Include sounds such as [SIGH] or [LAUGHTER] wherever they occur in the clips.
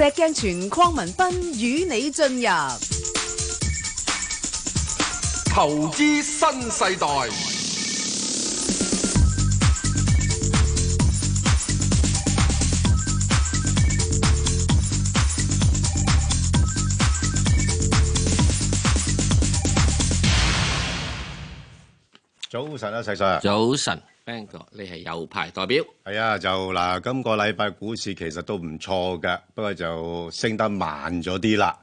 石鏡泉鄺文斌與你進入投資新世代。早晨啊，細叔。早晨。聽過你係右派代表？係啊，就嗱，今個禮拜股市其實都唔錯㗎，不過就升得慢咗啲啦。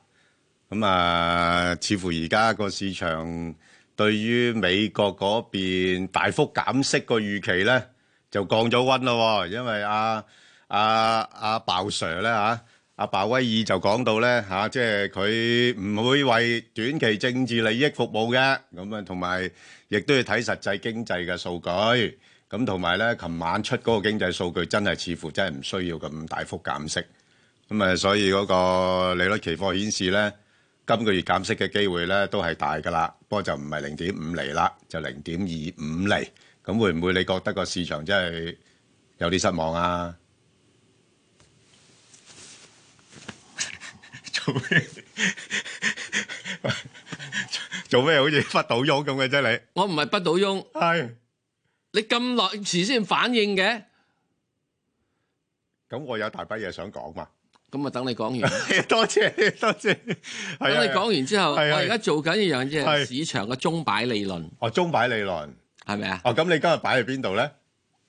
咁啊，似乎而家個市場對於美國嗰邊大幅減息個預期咧，就降咗溫咯。因為阿阿阿鮑 Sir 咧嚇，阿鮑威爾就講到咧嚇，即係佢唔會為短期政治利益服務嘅。咁啊，同埋亦都要睇實際經濟嘅數據。咁同埋咧，琴晚出嗰個經濟數據真係似乎真係唔需要咁大幅減息，咁誒，所以嗰個利率期貨顯示咧，今個月減息嘅機會咧都係大噶啦，不過就唔係零點五釐啦，就零點二五釐。咁會唔會你覺得個市場真係有啲失望啊？做咩？做咩好似不倒翁咁嘅啫？你我唔係不倒翁，係。你咁耐遲先反應嘅，咁我有大把嘢想講嘛。咁我等你講完 [LAUGHS] 多謝你。多謝多謝。 [LAUGHS] 等你講完之後，是是是我而家做緊一樣嘢，市場嘅鐘擺理論。哦，鐘擺理論係咪啊？哦，咁你今日擺喺邊度呢？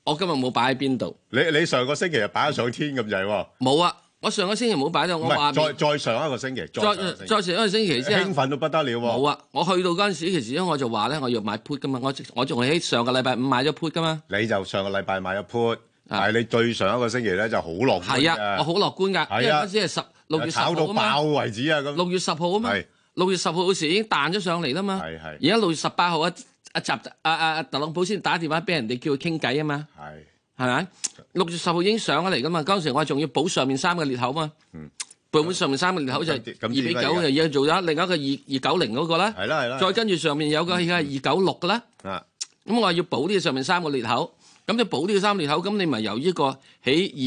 我今日冇擺喺邊度。你你上個星期就擺上天咁滯喎？冇啊。我上個星期冇擺到，我話再再上一個星期，再上期再,再上一個星期先、啊、興奮到不得了喎、啊。冇啊，我去到嗰陣時，其實我就話咧，我要買 put 噶嘛，我我仲喺上個禮拜五買咗 put 噶嘛。你就上個禮拜買咗 put，是但係你最上一個星期咧就好樂觀。係啊，是我好樂觀㗎。係啊，即係十六月十號炒到爆為止啊咁。六月十號啊嘛。係。六月十號嗰時已經彈咗上嚟啦嘛。係係。而家六月十八號啊習啊習啊啊特朗普先打電話俾人哋叫佢傾偈啊嘛。係。係咪六月十號已經上咗嚟噶嘛？嗰陣時我仲要補上面三個裂口嘛？嗯，補上面三個裂口就二比九，就已經做咗另一個二二九零嗰個啦。係啦係啦，再跟住上面有個而家二九六嘅啦。咁我話要補呢個上面三個裂口，咁你補呢個三個裂口，咁你咪由呢個起二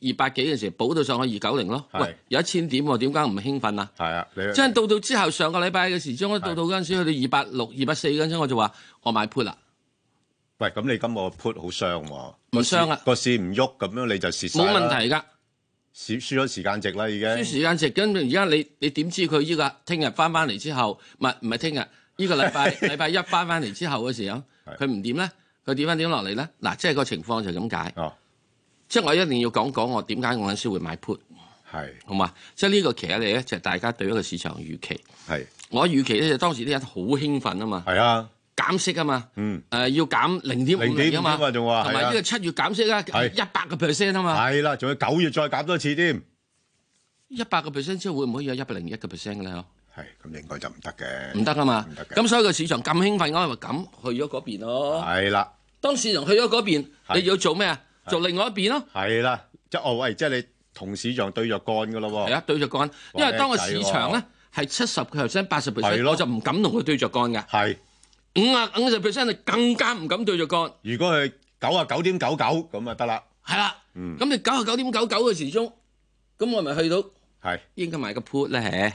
二二百幾嘅時候補到上去二九零咯。喂，有一千點，我點解唔興奮啊？係啊，即係到到之後上個禮拜嘅時鐘，到到嗰陣去到二百六、二百四嗰陣，我就話我買 put 啦。咁、嗯、你今個 put 好傷喎，唔傷啊，個市唔喐，咁樣你就蝕，冇問題噶，蝕輸咗時間值啦，已經輸間，輸時間值，跟住而家你你點知佢依、這個聽日翻翻嚟之後，唔唔係聽日，依、這個禮拜禮拜一翻翻嚟之後嘅時候，佢唔掂咧，佢點翻點落嚟咧？嗱、啊，即係個情況就咁解、哦，即係我一定要講講我點解我先會買 put，係，好嘛？即係呢個騎喺你咧，就係、是、大家對一個市場預期，係，我預期咧就是、當時啲人好興奮啊嘛，係啊。減息啊嘛，誒要減零點五啊嘛，同埋呢個七月減息啦，一百個 percent 啊嘛，係啦，仲要九月再減多次添，一百個 percent 之後會唔會有一百零一個 percent 咧？嗬，係，咁應該就唔得嘅，唔得啊嘛，唔得嘅，咁所以個市場咁興奮，我咪咁去咗嗰邊咯，係啦，當市場去咗嗰邊，你要做咩啊？做另外一邊咯，係啦，即係哦喂，即係你同市場對着幹噶咯喎，係啊，對着幹，因為當個市場咧係七十個 percent、八十 percent，我就唔敢同佢對着幹嘅，係。五啊五十 percent 啊，更加唔敢對着幹。如果係九啊九點九九咁就得啦。係啦，咁、嗯、你九啊九點九九嘅時鐘，咁我咪去到，係應該買個 put 咧。嘿，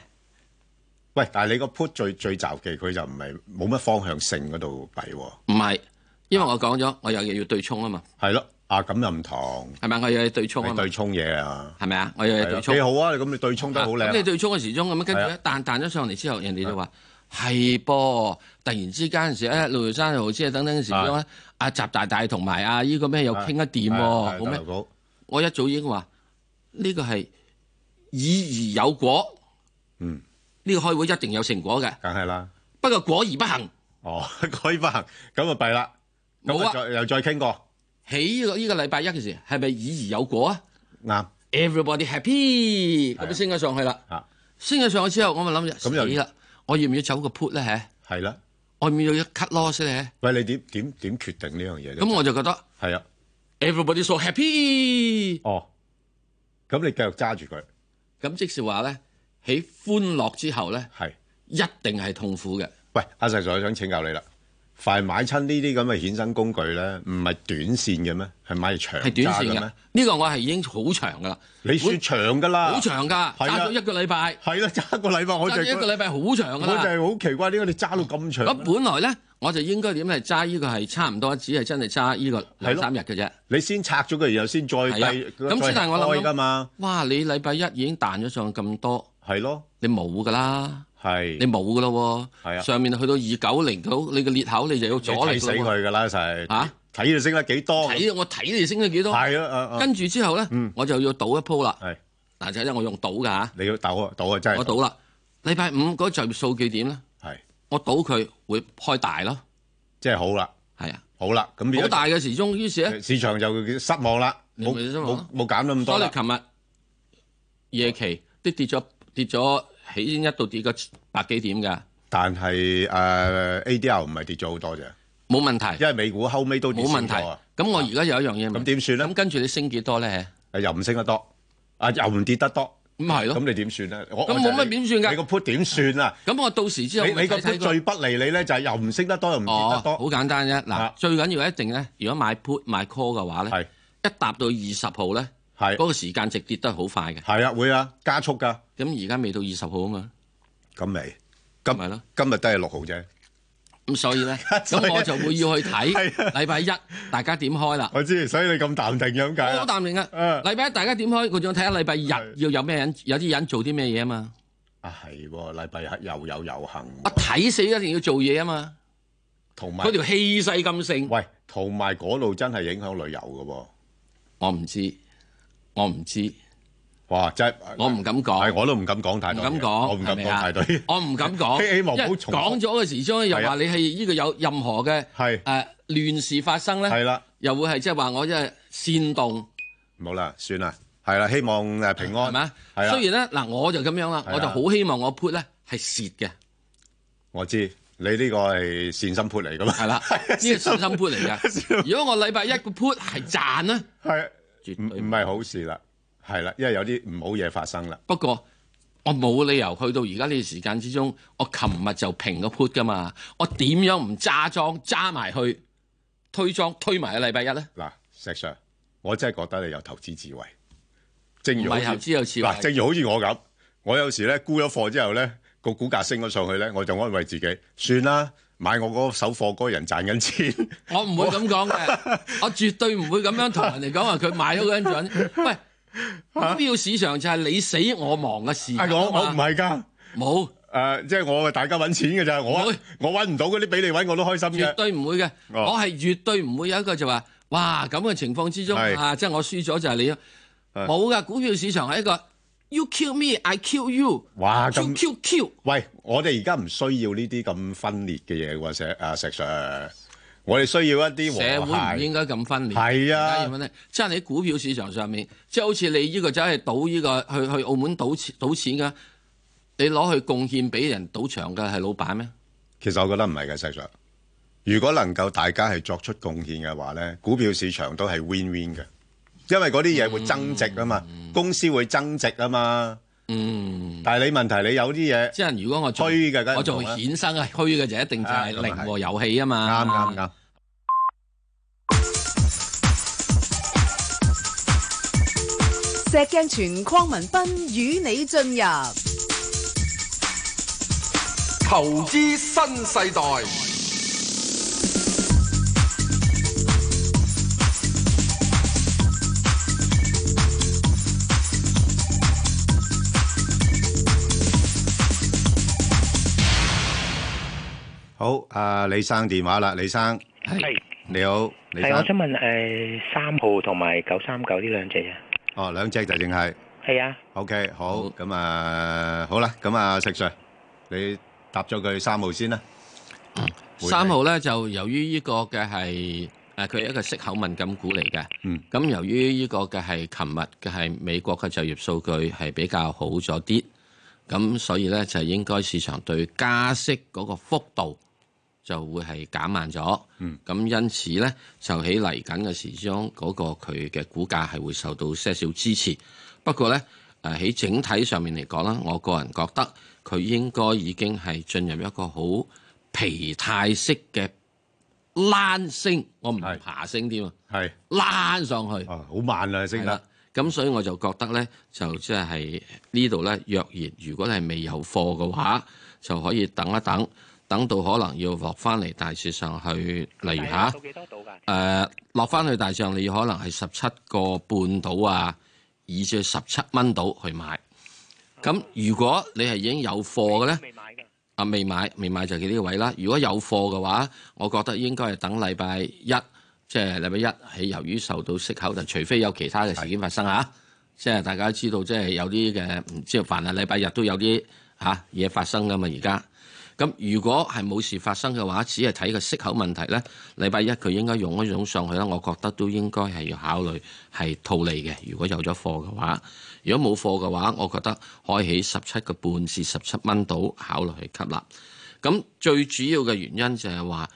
喂，但係你個 put 最最雜忌、忌，佢就唔係冇乜方向性嗰度比。唔係，因為我講咗、啊，我有嘢要對沖啊嘛。係咯，啊咁又唔同。係咪？我又要對沖、對沖啊。對沖嘢啊。係咪啊？我又要對沖。幾好啊！咁你對沖得好靚、啊。咁你對沖嘅時鐘咁樣跟住一彈彈咗上嚟之後，人哋就話。係噃，突然之間時，誒、啊，六月三號先係等等時候，點阿習大大同埋阿依個咩又傾得掂？我一早已經話呢個係以而有果，嗯，呢、這個開會一定有成果嘅，梗係啦。不過果而不行，哦，果而不行，咁就弊啦。冇啊，又再傾過。起呢、這個呢禮拜一嘅時候，係咪以而有果啊？嗱，everybody happy，咁升咗上去啦，升咗上去之後，我咪諗著死啦。我要唔要走個 put 咧？嚇，係啦，我咪要一 cut loss 咧？喂，你點點點決定這事呢樣嘢咧？咁我就覺得係啊，everybody so happy。哦，咁你繼續揸住佢。咁即是話咧，喺歡樂之後咧，係一定係痛苦嘅。喂，阿石再想請教你啦。快買親呢啲咁嘅衍生工具咧，唔係短線嘅咩？係買長揸嘅咩？呢個我係已經好長噶啦。你算長㗎啦，好長㗎，揸咗一個禮拜。係啦，揸一個禮拜我就一個禮拜好長㗎啦。我就係好奇怪，點解你揸到咁長呢？咁本來咧，我就應該點嚟揸？呢個係差唔多，只係真係揸呢個兩三日嘅啫。你先拆咗佢，然後先再咁彈，開但我開嘅嘛。哇！你禮拜一已經彈咗上去咁多，係咯，你冇㗎啦。係你冇噶喎，上面去到二九零九，你個裂口你就要阻佢，啊。阻死佢噶啦，啊、就係吓睇你升得幾多。睇我睇你升得幾多。係，uh, uh, 跟住之後咧、嗯，我就要賭一鋪啦。係嗱，就因為我用賭噶吓。你要賭啊，賭啊，真係。我賭啦，禮拜五嗰就業數據點咧。係。我賭佢會開大咯。啊、即係好啦。係啊，好啦，咁好大嘅時鐘，於是市場就失望啦。冇冇冇減咗咁多，所以你琴日夜期啲跌咗跌咗。跌起先一度跌個百幾點嘅，但係誒、uh, ADR 唔係跌咗好多啫，冇問題。因為美股後尾都冇問題。咁、啊、我而家有一樣嘢，咁點算咧？咁跟住你升幾多咧、啊？又唔升得多，又啊又唔跌得多，咁係咯。咁、啊嗯啊、你點算咧？咁冇乜點算㗎？你個 put 點算啊？咁我到時之後會會你，你個 put 最不利你咧，就係、是、又唔升得多又唔跌得多。好、啊啊、簡單啫。嗱、啊啊，最緊要一定咧，如果買 put 買 call 嘅話咧，一達到二十號咧。係嗰、啊那個時間直跌得好快嘅，係啊會啊加速噶。咁而家未到二十號啊嘛，咁未，今日咯、就是，今日都係六號啫。咁、嗯、所以咧，咁 [LAUGHS] 我就會要去睇禮拜一大家點開啦。我知，所以你咁淡定嘅點解？我好淡定啊！禮拜一大家點開，我仲睇下禮拜日要有咩人，有啲人做啲咩嘢啊嘛。啊係，禮拜一又有遊行、啊。我、啊、睇死一定要做嘢啊嘛，同埋嗰條氣勢咁盛。喂，同埋嗰路真係影響旅遊噶、啊。我唔知，我唔知，哇！即係我唔敢講，我都唔敢講太多。唔敢講我唔敢講太對。我唔敢講 [LAUGHS] 希望好重。講咗嘅時將又話你係呢個有任何嘅誒亂事發生咧。係啦，又會係即係話我即係煽動。冇啦，算啦，係啦，希望平安。係咪啊？雖然咧嗱，我就咁樣啦，我就好希望我 put 咧係蝕嘅。我知你呢個係善心 put 嚟㗎嘛？係啦，呢個善心 put 嚟㗎。 [LAUGHS] 如果我禮拜一個 put 係賺咧，係。唔唔係好事啦，係啦，因為有啲唔好嘢發生啦。不過我冇理由去到而家呢個時間之中，我琴日就平咗 put 噶嘛，我點樣唔揸莊揸埋去推莊推埋喺禮拜一咧？嗱，石 Sir，我真係覺得你有投資智慧，正如唔係投資有智慧。嗱，正如好似我咁，我有時咧沽咗貨之後咧，個股價升咗上去咧，我就安慰自己，算啦。嗯。買我個手貨嗰個人賺緊錢， [LAUGHS] 我唔會咁講嘅， [LAUGHS] 我絕對唔會咁樣同人哋講話佢買咗嗰陣， [LAUGHS] 喂，股票市場就係你死我亡嘅事，我我唔係噶，冇，誒、呃，即係我大家搵錢嘅咋，我我搵唔到嗰啲俾你搵，我都開心嘅，絕對唔會嘅，我係絕對唔會有一個就話，哇咁嘅情況之中，啊，即係我輸咗就係你，冇噶，股票市場係一個。You kill me, I kill you. 哇咁，喂，我哋而家唔需要呢啲咁分裂嘅嘢喎，石阿、啊、石 Sir，我哋需要一啲和諧，唔應該咁分裂。係啊，點樣即係喺股票市場上面，即係好似你呢個真係賭呢個去去澳門賭賭錢噶，你攞去貢獻俾人賭場嘅係老闆咩？其實我覺得唔係嘅，石 Sir。如果能夠大家係作出貢獻嘅話咧，股票市場都係 win win 嘅。因為嗰啲嘢會增值啊嘛，嗯，公司會增值啊嘛。嗯，但係你問題你有啲嘢，即係如果我吹嘅，我就衍生啊，虛嘅就一定就係零和遊戲啊嘛。啱啱啱。石鏡泉鄺文斌與你進入投資新世代。好，阿李生電話啦，李生係你好，係我想問，誒，三號同埋九三九呢兩隻嘢哦，兩隻就淨係係啊，OK 好咁啊，好啦，咁啊，石瑞，你答咗佢三號先啦。三號咧就由於呢個嘅係誒，佢係一個息口敏感股嚟嘅，嗯，咁由於呢個嘅係琴日嘅係美國嘅就業數據係比較好咗啲，咁所以咧就應該市場對加息嗰個幅度。就會係減慢咗，咁、嗯、因此呢，就喺嚟緊嘅時鐘嗰、那個佢嘅股價係會受到些少支持。不過呢喺、呃、整體上面嚟講啦，我個人覺得佢應該已經係進入一個好疲態式嘅攤升，我唔係爬升添啊，係攤上去，好、啊、慢啊升得。咁所以我就覺得呢，就即係呢度呢，若然如果係未有貨嘅話、嗯，就可以等一等。等到可能要落翻嚟大市上去，例如嚇、啊，落翻去大市上，你可能係十七個半到啊，以至十七蚊到去買。咁、嗯、如果你係已經有貨嘅咧，啊未買未買就係呢個位啦。如果有貨嘅話，我覺得應該係等禮拜一，即係禮拜一係由於受到息口，但除非有其他嘅事件發生吓、啊，即係大家知道，即係有啲嘅，即係凡係禮拜日都有啲吓嘢發生噶嘛，而家。咁如果係冇事發生嘅話，只係睇個息口問題呢禮拜一佢應該用一種上去啦，我覺得都應該係要考慮係套利嘅。如果有咗貨嘅話，如果冇貨嘅話，我覺得可以起十七個半至十七蚊到考慮去吸納。咁最主要嘅原因就係話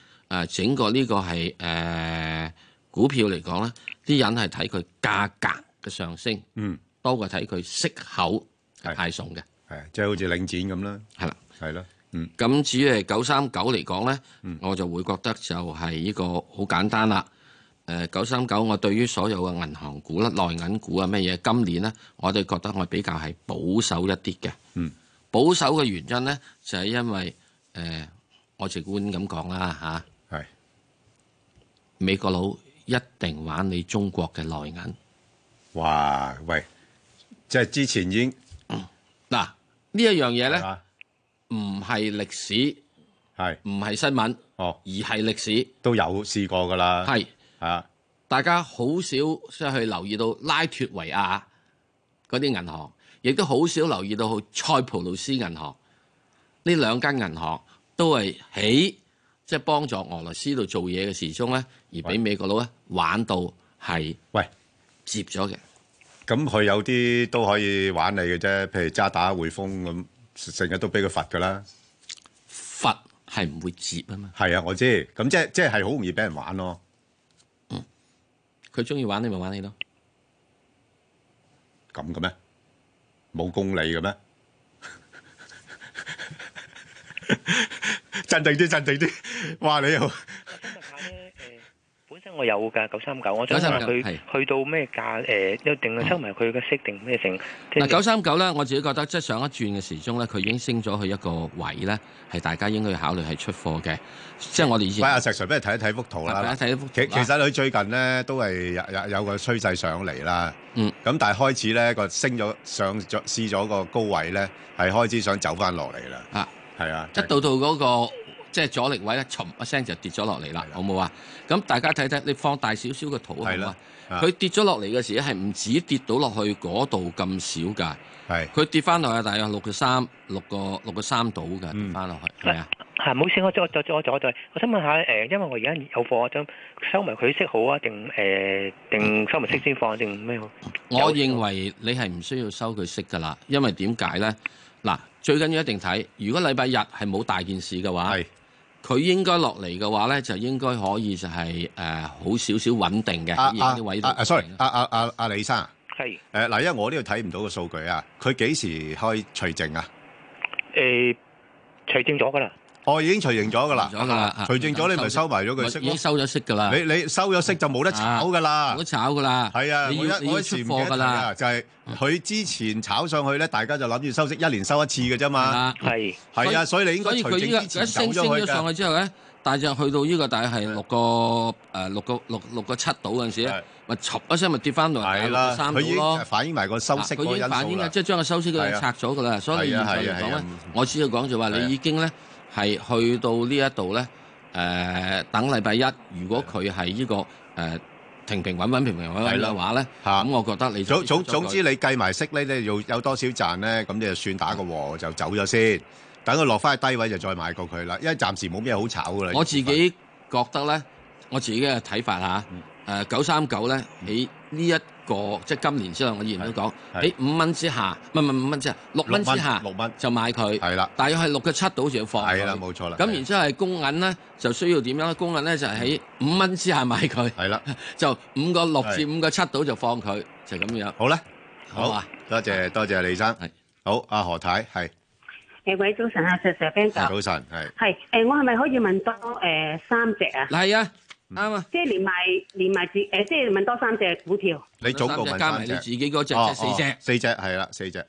整個呢個係、呃、股票嚟講呢啲人係睇佢價格嘅上升，嗯，多過睇佢息口派送嘅，係即係好似領展咁啦，係啦，係啦。咁、嗯、至於係九三九嚟講咧，我就會覺得就係呢個好簡單啦。誒九三九，我對於所有嘅銀行股啦、內銀股啊、咩嘢，今年咧，我哋覺得我比較係保守一啲嘅。嗯，保守嘅原因咧，就係、是、因為誒、呃，我直觀咁講啦嚇。係、啊、美國佬一定玩你中國嘅內銀。哇！喂，即、就、係、是、之前已經嗱、嗯啊、呢一樣嘢咧。啊唔係歷史，係唔係新聞？哦，而係歷史都有試過㗎啦。係啊，大家好少出去留意到拉脫維亞嗰啲銀行，亦都好少留意到塞浦路斯銀行，呢兩間銀行都係喺即係幫助俄羅斯度做嘢嘅時鐘咧，而俾美國佬咧玩到係喂接咗嘅。咁佢有啲都可以玩你嘅啫，譬如渣打、匯豐咁。成日都俾佢罰噶啦，罰係唔會接啊嘛。係啊，我知，咁即係即係，係好容易俾人玩咯。嗯，佢中意玩你咪玩你咯。咁嘅咩？冇公理嘅咩？鎮 [LAUGHS] 定啲，鎮定啲。哇，你好。我有噶九三九，我想問佢去到咩價？誒，一定收埋佢個息定咩成？嗱九三九咧，我自己覺得即係上一轉嘅時鐘咧，佢已經升咗去一個位咧，係大家應該考慮係出貨嘅。即係我哋以前。喂，阿石，俾你睇一睇幅圖啦。睇一睇幅，其其實佢最近咧都係有有個趨勢上嚟啦。嗯。咁但係開始咧個升咗上咗試咗個高位咧，係開始想走翻落嚟啦。啊。係啊。直到到嗰個。即係阻力位咧，沉一聲就跌咗落嚟啦，好冇啊？咁大家睇睇，你放大那那少少個圖好冇？佢跌咗落嚟嘅時係唔止跌到落去嗰度咁少㗎，係佢跌翻落去大概六個三、六個六個三度㗎，跌翻落去係啊！唔好意思，我再再再再，我想問下誒、呃，因為我而家有貨啊，將收埋佢息好啊，定誒定收埋息先放定咩啊？我認為你係唔需要收佢息㗎啦，因為點解咧？嗱，最緊要一定睇，如果禮拜日係冇大件事嘅話。佢應該落嚟嘅話咧，就應該可以就係、是、誒、呃、好少少穩定嘅。而家啲位都穩定，sorry，啊啊啊阿、啊啊啊、李生，係誒嗱，因為我呢度睇唔到個數據啊，佢幾時開除證啊？誒、呃，除證咗噶啦。我已經除型咗噶啦，除淨咗你咪收埋咗佢息咯。收咗息噶啦，你你收咗息就冇得炒噶啦，冇得炒噶啦。係啊，我一我一出貨噶啦，就係佢之前炒上去咧，大家就諗住收息，一年收一次嘅啫嘛。係係啊，所以你應該除淨之前升咗上去之後咧，大隻去到呢個大約係六個誒六個六六個七度嗰陣時咧，咪闙一聲咪跌翻落嚟兩到三度咯。反映埋個收息個因素啦。即係將個收息嗰樣拆咗噶啦。所以現在嚟講咧，我主要講就話你已經咧。係去到呢一度咧，誒等禮拜一，如果佢係呢個誒平平穩穩、平平穩穩嘅話咧，咁我覺得你總總總之你計埋息咧，咧又有多少賺咧？咁你就算打個和就走咗先，等佢落翻去低位就再買過佢啦。因為暫時冇咩好炒噶啦。我自己覺得咧，我自己嘅睇法嚇，誒九三九咧喺呢一。個即今年之後我以前都講喺五蚊之下，唔係唔係五蚊之下六蚊之下，六蚊就買佢。係啦，大約係六個七度，就要放。係啦，冇錯啦。咁然之後係公銀咧，就需要點樣咧？公銀咧就係喺五蚊之下買佢。係啦，就五個六至五個七度就放佢，就咁樣。好啦，好啊，多謝多謝李生。好，阿、啊、何太係。誒，喂，早晨啊，石石早晨係。我係咪可以問多、呃、三隻啊？係啊。啱、嗯、啊！即係連埋連埋自，誒，即係問多三隻股票。你總共加埋你自己嗰隻四隻，四隻係啦，四隻。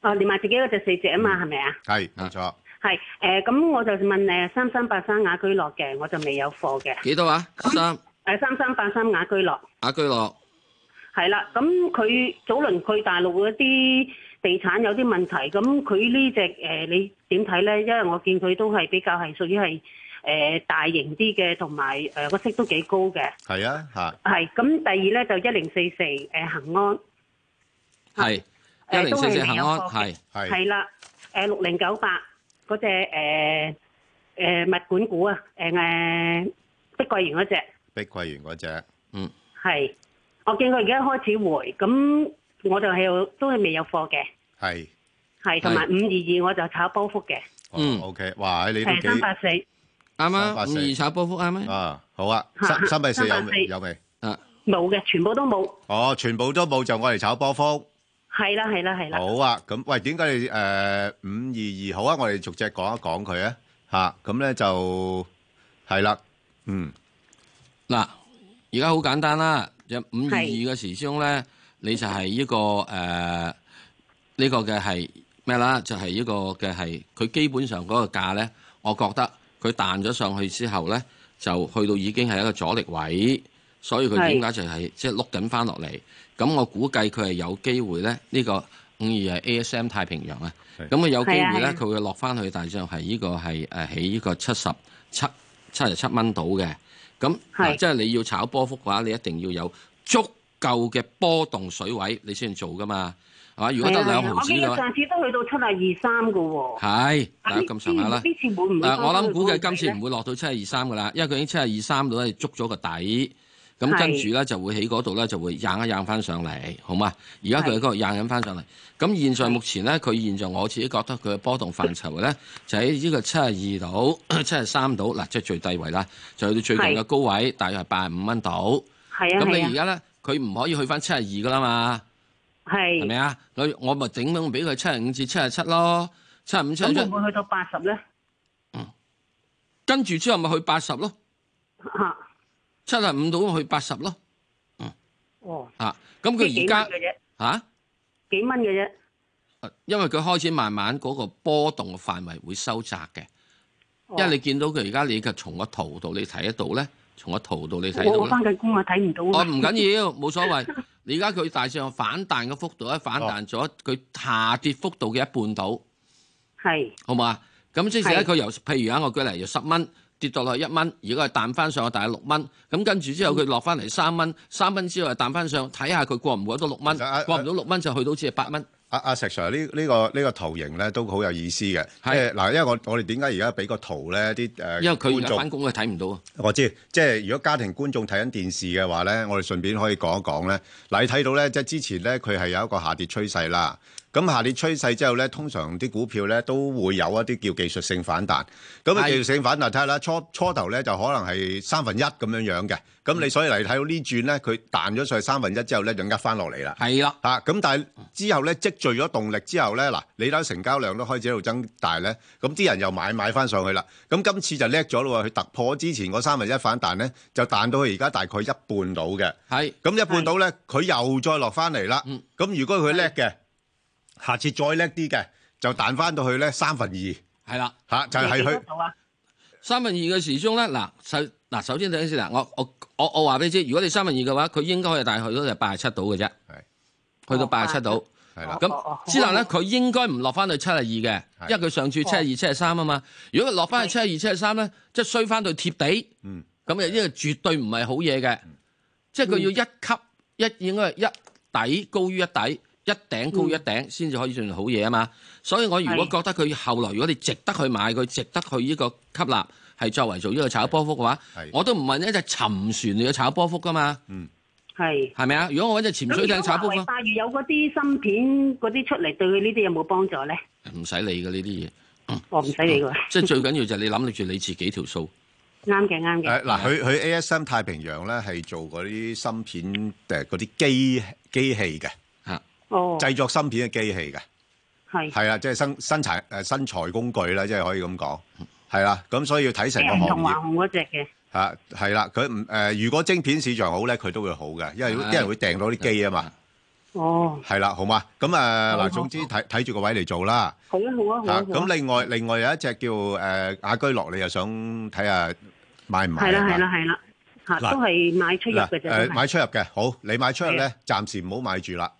啊、哦，連埋自己嗰隻四隻啊嘛，係咪啊？係冇錯。係誒，咁、嗯呃、我就問你，三三八三雅居樂嘅，我就未有貨嘅。幾多啊？那三誒、呃，三三八三雅居樂。雅居樂係啦，咁佢早輪去大陸嗰啲地產有啲問題，咁佢呢隻誒，你點睇咧？因為我見佢都係比較係屬於係。誒大型啲嘅，同埋誒個息都幾高嘅。係啊，嚇。係咁，第二咧就一零四四誒恆安。係。誒都係未有貨嘅。係啦，誒六零九八嗰隻誒誒物管股啊，誒誒碧桂園嗰隻。碧桂園嗰隻，嗯，係。我見佢而家開始回，咁我就係都係未有貨嘅。係。係，同埋五二二我就炒波幅嘅。嗯，OK，哇！喺你哋幾？係三八四。啱啊，五二炒波幅啱咩？啊，好啊，三三倍四有未？有未？啊，冇嘅，全部都冇。哦，全部都冇，就我哋炒波幅。係啦，係啦，係啦。好啊，咁喂，點解你誒五二二好啊？我哋逐隻講一講佢啊，吓咁咧就係啦，嗯，嗱，而家好簡單啦，有五二二嘅時鐘咧，你就係呢個誒呢個嘅係咩啦？就係呢個嘅係，佢基本上嗰個價咧，我覺得。佢彈咗上去之後呢，就去到已經係一個阻力位，所以佢點解就係、是、即係碌緊翻落嚟？咁我估計佢係有機會呢，呢、呢個五二係 ASM 太平洋啊，咁啊有機會呢，佢會落翻去，大致上係呢個係誒、啊、起呢個七十七七十七蚊到嘅，咁、啊、即係你要炒波幅嘅話，你一定要有足夠嘅波動水位，你先做㗎嘛。啊！如果得兩毫紙咧，我上次都去到七廿二三嘅喎。係、大家，咁上下啦。呢次會唔會？我諗估計今次唔會落到七廿二三嘅啦，因為佢已經七廿二三度咧捉咗個底，咁跟住咧就會喺嗰度咧就會揚一揚翻上嚟，好嘛？而家佢喺嗰度揚緊翻上嚟。咁現，現在目前咧，佢現在我自己覺得佢嘅波動範疇咧，就喺、是、呢個七廿二度、七十三度嗱，即 [LAUGHS] 係最低位啦。就去到最近嘅高位，大約係八十五蚊度。係啊，咁你而家咧，佢唔可以去翻七十二嘅啦嘛？係，係咪啊？我我咪整咁俾佢七十五至七十七咯，七十五七十七。咁會唔會去到八十咧？嗯，跟住之後咪去八十咯。吓、啊，七十五到去八十咯。嗯。哦。啊，咁佢而家吓、啊、幾蚊嘅啫？因為佢開始慢慢嗰個波動嘅範圍會收窄嘅、哦，因為你見到佢而家你嘅從個圖度你睇得到咧。從個圖度你睇到，我翻緊工我睇唔到。我唔緊要，冇、哦、所謂。而家佢大致上反彈嘅幅度咧，反彈咗佢下跌幅度嘅一半度，係、oh. 好唔好啊？咁即係咧，佢由譬如啊，我舉例，由十蚊跌到落去一蚊，如果係彈翻上去，大約六蚊。咁跟住之後佢落翻嚟三蚊，三蚊之後又彈翻上，睇下佢過唔過得到六蚊？過唔到六蚊就去到好似係八蚊。阿、啊、阿石 Sir，呢、這、呢個呢、這個圖形咧都好有意思嘅，即係嗱，因為我我哋點解而家俾個圖咧啲誒觀眾，因為佢會返工佢睇唔到啊。我知，即係如果家庭觀眾睇緊電視嘅話咧，我哋順便可以講一講咧。嗱，你睇到咧，即係之前咧，佢係有一個下跌趨勢啦。咁下跌趨勢之後呢，通常啲股票呢都會有一啲叫技術性反彈。咁技術性反彈睇下啦，初初頭呢就可能係三分一咁樣樣嘅。咁、嗯、你所以嚟睇到呢轉呢，佢彈咗上去三分一之後呢，就間翻落嚟啦。係啦。咁、啊、但係之後呢，積聚咗動力之後呢，嗱，你睇成交量都開始喺度增大呢。咁啲人又買買翻上去啦。咁今次就叻咗啦喎！佢突破之前嗰三分一反彈呢，就彈到佢而家大概一半到嘅。係。咁一半到呢，佢又再落翻嚟啦。咁、嗯、如果佢叻嘅。下次再叻啲嘅，就彈翻到去咧三分二。係啦，吓就係、是、佢三分二嘅時鐘咧。嗱，嗱首先等先啦。我我我我話俾你知，如果你三分二嘅話，佢應該可以大去都係八十七度嘅啫。係，去到八十七度。係啦。咁之後咧，佢應該唔落翻去七十二嘅，因為佢上次七十二、七十三啊嘛。如果佢落翻去七十二、七十三咧，即係衰翻到貼地。嗯。咁啊，呢個絕對唔係好嘢嘅、嗯。即係佢要一級一應該係一底高於一底。高於一底一頂高一頂先至可以進行好嘢啊嘛，所以我如果覺得佢後來如果你值得去買佢，值得去呢個吸納，係作為做呢個炒波幅嘅話，我都唔問一隻沉船嚟嘅炒波幅噶嘛。嗯，係係咪啊？如果我揾隻潛水艇炒波幅？咁啊，有嗰啲芯片嗰啲出嚟，對佢呢啲有冇幫助咧？唔使理嘅呢啲嘢，我唔使理嘅。即係最緊要就係你諗住你自己條數。啱嘅，啱嘅。嗱，佢佢 ASM 太平洋咧係做嗰啲芯片嗰啲機機器嘅。製作芯片嘅機器嘅，係係啦，即係生生產誒生產工具啦，即係可以咁講，係啦。咁所以要睇成個行業同華虹嗰隻嘅，吓，係啦，佢唔，誒，如果晶片市場好咧，佢都會好嘅，因為有啲人會訂到啲機啊嘛。哦，係啦，好嘛，咁啊嗱，總之睇睇住個位嚟做啦。好啊，好啊，好啊。咁另外另外有一隻叫誒雅居樂，你又想睇下買唔買？係啦，係啦，係啦，吓都係買出入嘅啫。誒，買出入嘅好，你買出入咧，暫時唔好買住啦。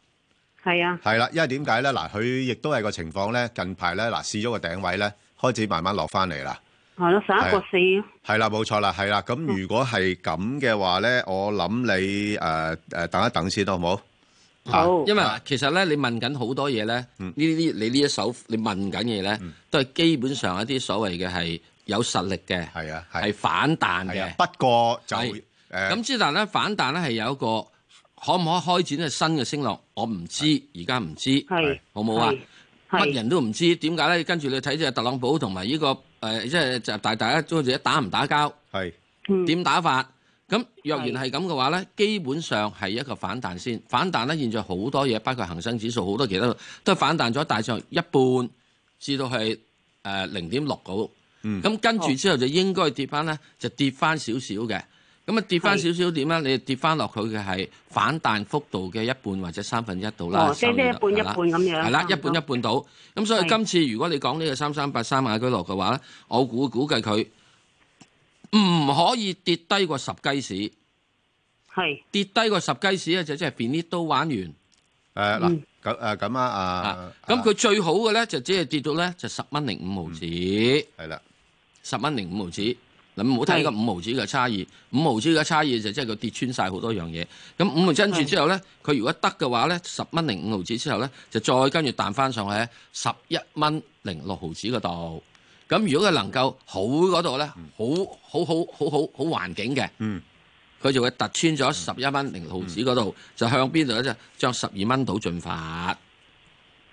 係啊，係啦，因為點解咧？嗱，佢亦都係個情況咧。近排咧，嗱，試咗個頂位咧，開始慢慢落翻嚟啦。係咯，上一個四咯。係啦，冇錯啦，係啦。咁如果係咁嘅話咧，我諗你誒誒等一等先，好唔好？好，因為其實咧，你問緊好多嘢咧，呢啲你呢一手你問緊嘢咧，都係基本上一啲所謂嘅係有實力嘅，係啊，係反彈嘅。不過就誒，咁之但咧反彈咧係有一個。可唔可以開展呢，新嘅升浪？我唔知，而家唔知，好唔好啊？乜人都唔知，點解咧？跟住你睇住特朗普同埋呢個誒，即、呃、係就是、大大一組者打唔打交？點打法？咁、嗯、若然係咁嘅話咧，基本上係一個反彈先。反彈咧，現在好多嘢，包括恒生指數，好多其他都反彈咗，大上一半至到係誒零點六個。咁跟住之後就應該跌返咧、哦，就跌返少少嘅。咁啊，跌翻少少點啦？你跌翻落去嘅係反彈幅度嘅一半或者三分一度啦、哦即係。一半一半咁樣。係啦，一半一半到。咁所以今次如果你講呢個三三八三亞居落嘅話咧，我估估計佢唔可以跌低過十雞屎。係跌低過十雞屎，咧，就即係邊啲都玩完。誒、嗯、嗱，咁誒咁啊，啊。咁佢最好嘅咧，就只、是、係跌到咧就十蚊零五毫紙。係、嗯、啦，十蚊零五毫紙。你唔好睇個五毫子嘅差異，五毫子嘅差異就即係佢跌穿晒好多樣嘢。咁五毫跟住之後呢，佢如果得嘅話呢，十蚊零五毫子之後呢，就再跟住彈翻上去十一蚊零六毫子嗰度。咁如果佢能夠好嗰度呢，好好好好好好，好環境嘅，佢就會突穿咗十一蚊零毫子嗰度，就向邊度呢？就將將十二蚊度進發。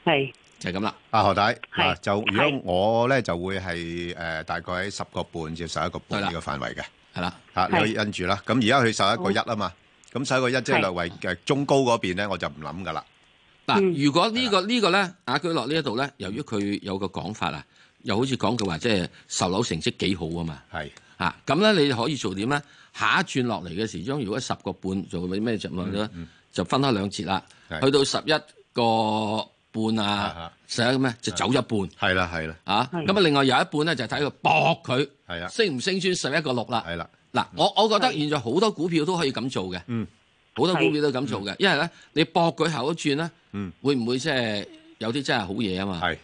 係。就咁、是、啦，阿、啊、何太、啊，就如果我咧就會係誒、呃、大概喺十個半至十一個半呢個範圍嘅，係啦，啊你要跟住啦，咁而家佢受一個一啊嘛，咁受一個一即係略為誒中高嗰邊咧，我就唔諗噶啦。嗱、嗯啊，如果呢、這個這個呢個咧亞居樂呢一度咧，由於佢有個講法啊，又好似講佢話即係售樓成績幾好啊嘛，係啊，咁咧你可以做點咧？下一轉落嚟嘅時鐘，如果十個半做啲咩就咁樣、嗯嗯，就分開兩截啦，去到十一個半啊，成咁咧就走一半，係啦係啦，咁啊另外有一半咧就睇佢博佢，係啦升唔升穿十一個六啦，係啦嗱我我覺得現在好多股票都可以咁做嘅，嗯，好多股票都咁做嘅，因為咧你博佢後一轉咧，嗯，會唔會即係有啲真係好嘢啊嘛，係，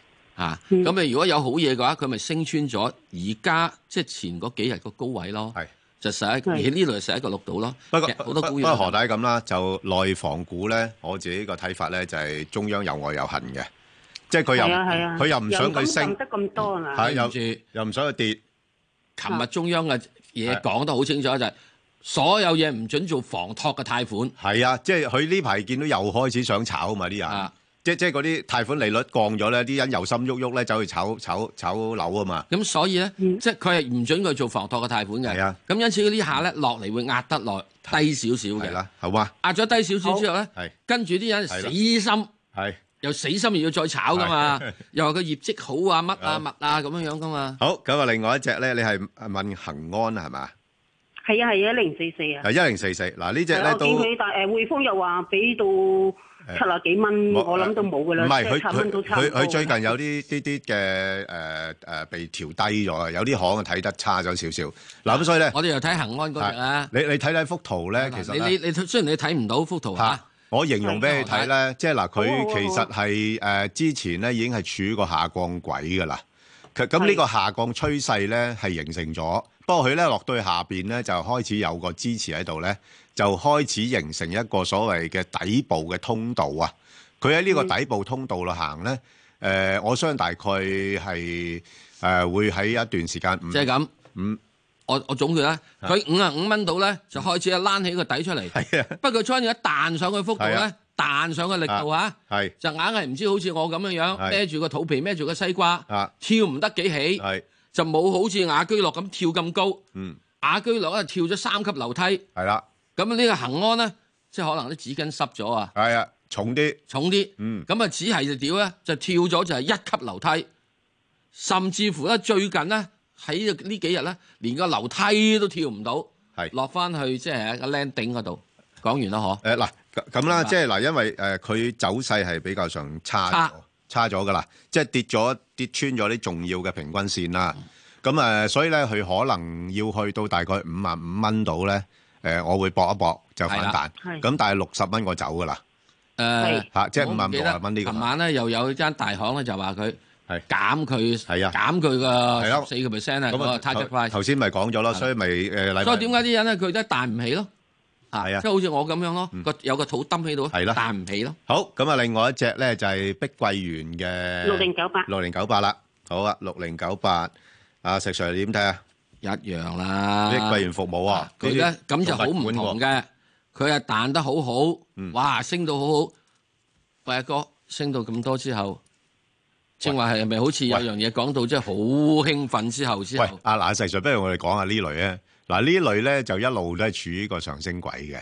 咁你、啊、如果有好嘢嘅話，佢咪升穿咗而家即係前嗰幾日個高位咯，係。就十一，呢度，就十一個六度咯。不過，好多股都何大咁啦？就內房股咧，我自己個睇法咧，就係、是、中央有愛有恨嘅，即係佢又佢、啊啊、又唔想佢升得咁多、啊啊、又唔住又唔想佢跌。琴、啊、日中央嘅嘢講得好清楚，就係、是、所有嘢唔准做房托嘅貸款。係啊，即係佢呢排見到又開始想炒嘛啲人。即即係嗰啲貸款利率降咗咧，啲人又心喐喐咧走去炒炒炒樓啊嘛。咁所以咧，即係佢係唔準佢做房託嘅貸款嘅。係啊。咁因此呢下咧落嚟會壓得落低少少嘅。係啦，好啊。壓咗低少少之後咧，跟住啲人死心，係又死心又要再炒噶嘛。又話佢業績好啊乜啊乜啊咁樣樣噶嘛。好咁啊！另外一隻咧，你係問恆安係嘛？係啊係啊，一零四四啊。係一零四四嗱呢隻咧都。我見佢但誒匯豐又話俾到。七啊幾蚊，我諗都冇㗎啦，即係七蚊都差唔多。佢佢最近有啲啲啲嘅誒被調低咗，有啲行啊睇得差咗少少。嗱、呃，咁所以咧，我哋又睇恒安嗰隻啦。你你睇睇幅圖咧，其實你你，你雖然你睇唔到幅圖嚇，我形容俾你睇咧、嗯，即係嗱，佢、呃、其實係誒、呃、之前咧已經係處於個下降軌㗎啦。咁呢個下降趨勢咧係形成咗，不過佢咧落到去下邊咧就開始有個支持喺度咧，就開始形成一個所謂嘅底部嘅通道啊！佢喺呢個底部通道度行咧、嗯呃，我相信大概係誒、呃、會喺一段時間，即係咁，五，我我總結咧、啊，佢五啊五蚊度咧就開始一攬起個底出嚟，不過再一彈上去幅度咧。彈上嘅力度啊，就硬係唔知好似我咁嘅樣，孭住個肚皮孭住個西瓜，跳唔得幾起，就冇好似雅居樂咁跳咁高。雅居樂咧跳咗三級樓梯，係啦。咁呢個恆安咧，即係可能啲紙巾濕咗啊。係啊，重啲，重啲。咁啊，只係就點咧？就跳咗就係一級樓梯，甚至乎咧最近咧喺呢幾日咧，連個樓梯都跳唔到，落翻去即係一個 landing 嗰度。講完啦，嗬？誒嗱，咁啦，即係嗱，因為誒佢走勢係比較上差差咗噶啦，即係跌咗跌穿咗啲重要嘅平均線啦。咁誒，所以咧佢可能要去到大概五十五蚊度咧，誒，我會搏一搏就反彈。係啦，係。咁但係六十蚊我走噶啦。誒嚇，即係五十五蚊呢個。琴晚咧又有間大行咧就話佢係減佢係啊減佢個四個 percent 啊個 target price。頭先咪講咗咯，所以咪誒禮拜。所以點解啲人咧佢都彈唔起咯？係啊，即係好似我咁樣咯，個有個土墩喺度，彈唔起咯。好，咁啊，另外一隻咧就係碧桂園嘅六零九八，六零九八啦。好啊，六零九八，阿石 Sir 你點睇啊？一樣啦。碧桂園服務啊，佢咧咁就好唔同嘅，佢啊彈得好好，哇升到好好，喂，阿哥升到咁多之後，正話係咪好似有樣嘢講到，即係好興奮之後之後。喂，阿嗱石 Sir，不如我哋講下呢類啊。嗱呢類咧就一路呢處於個上升軌嘅，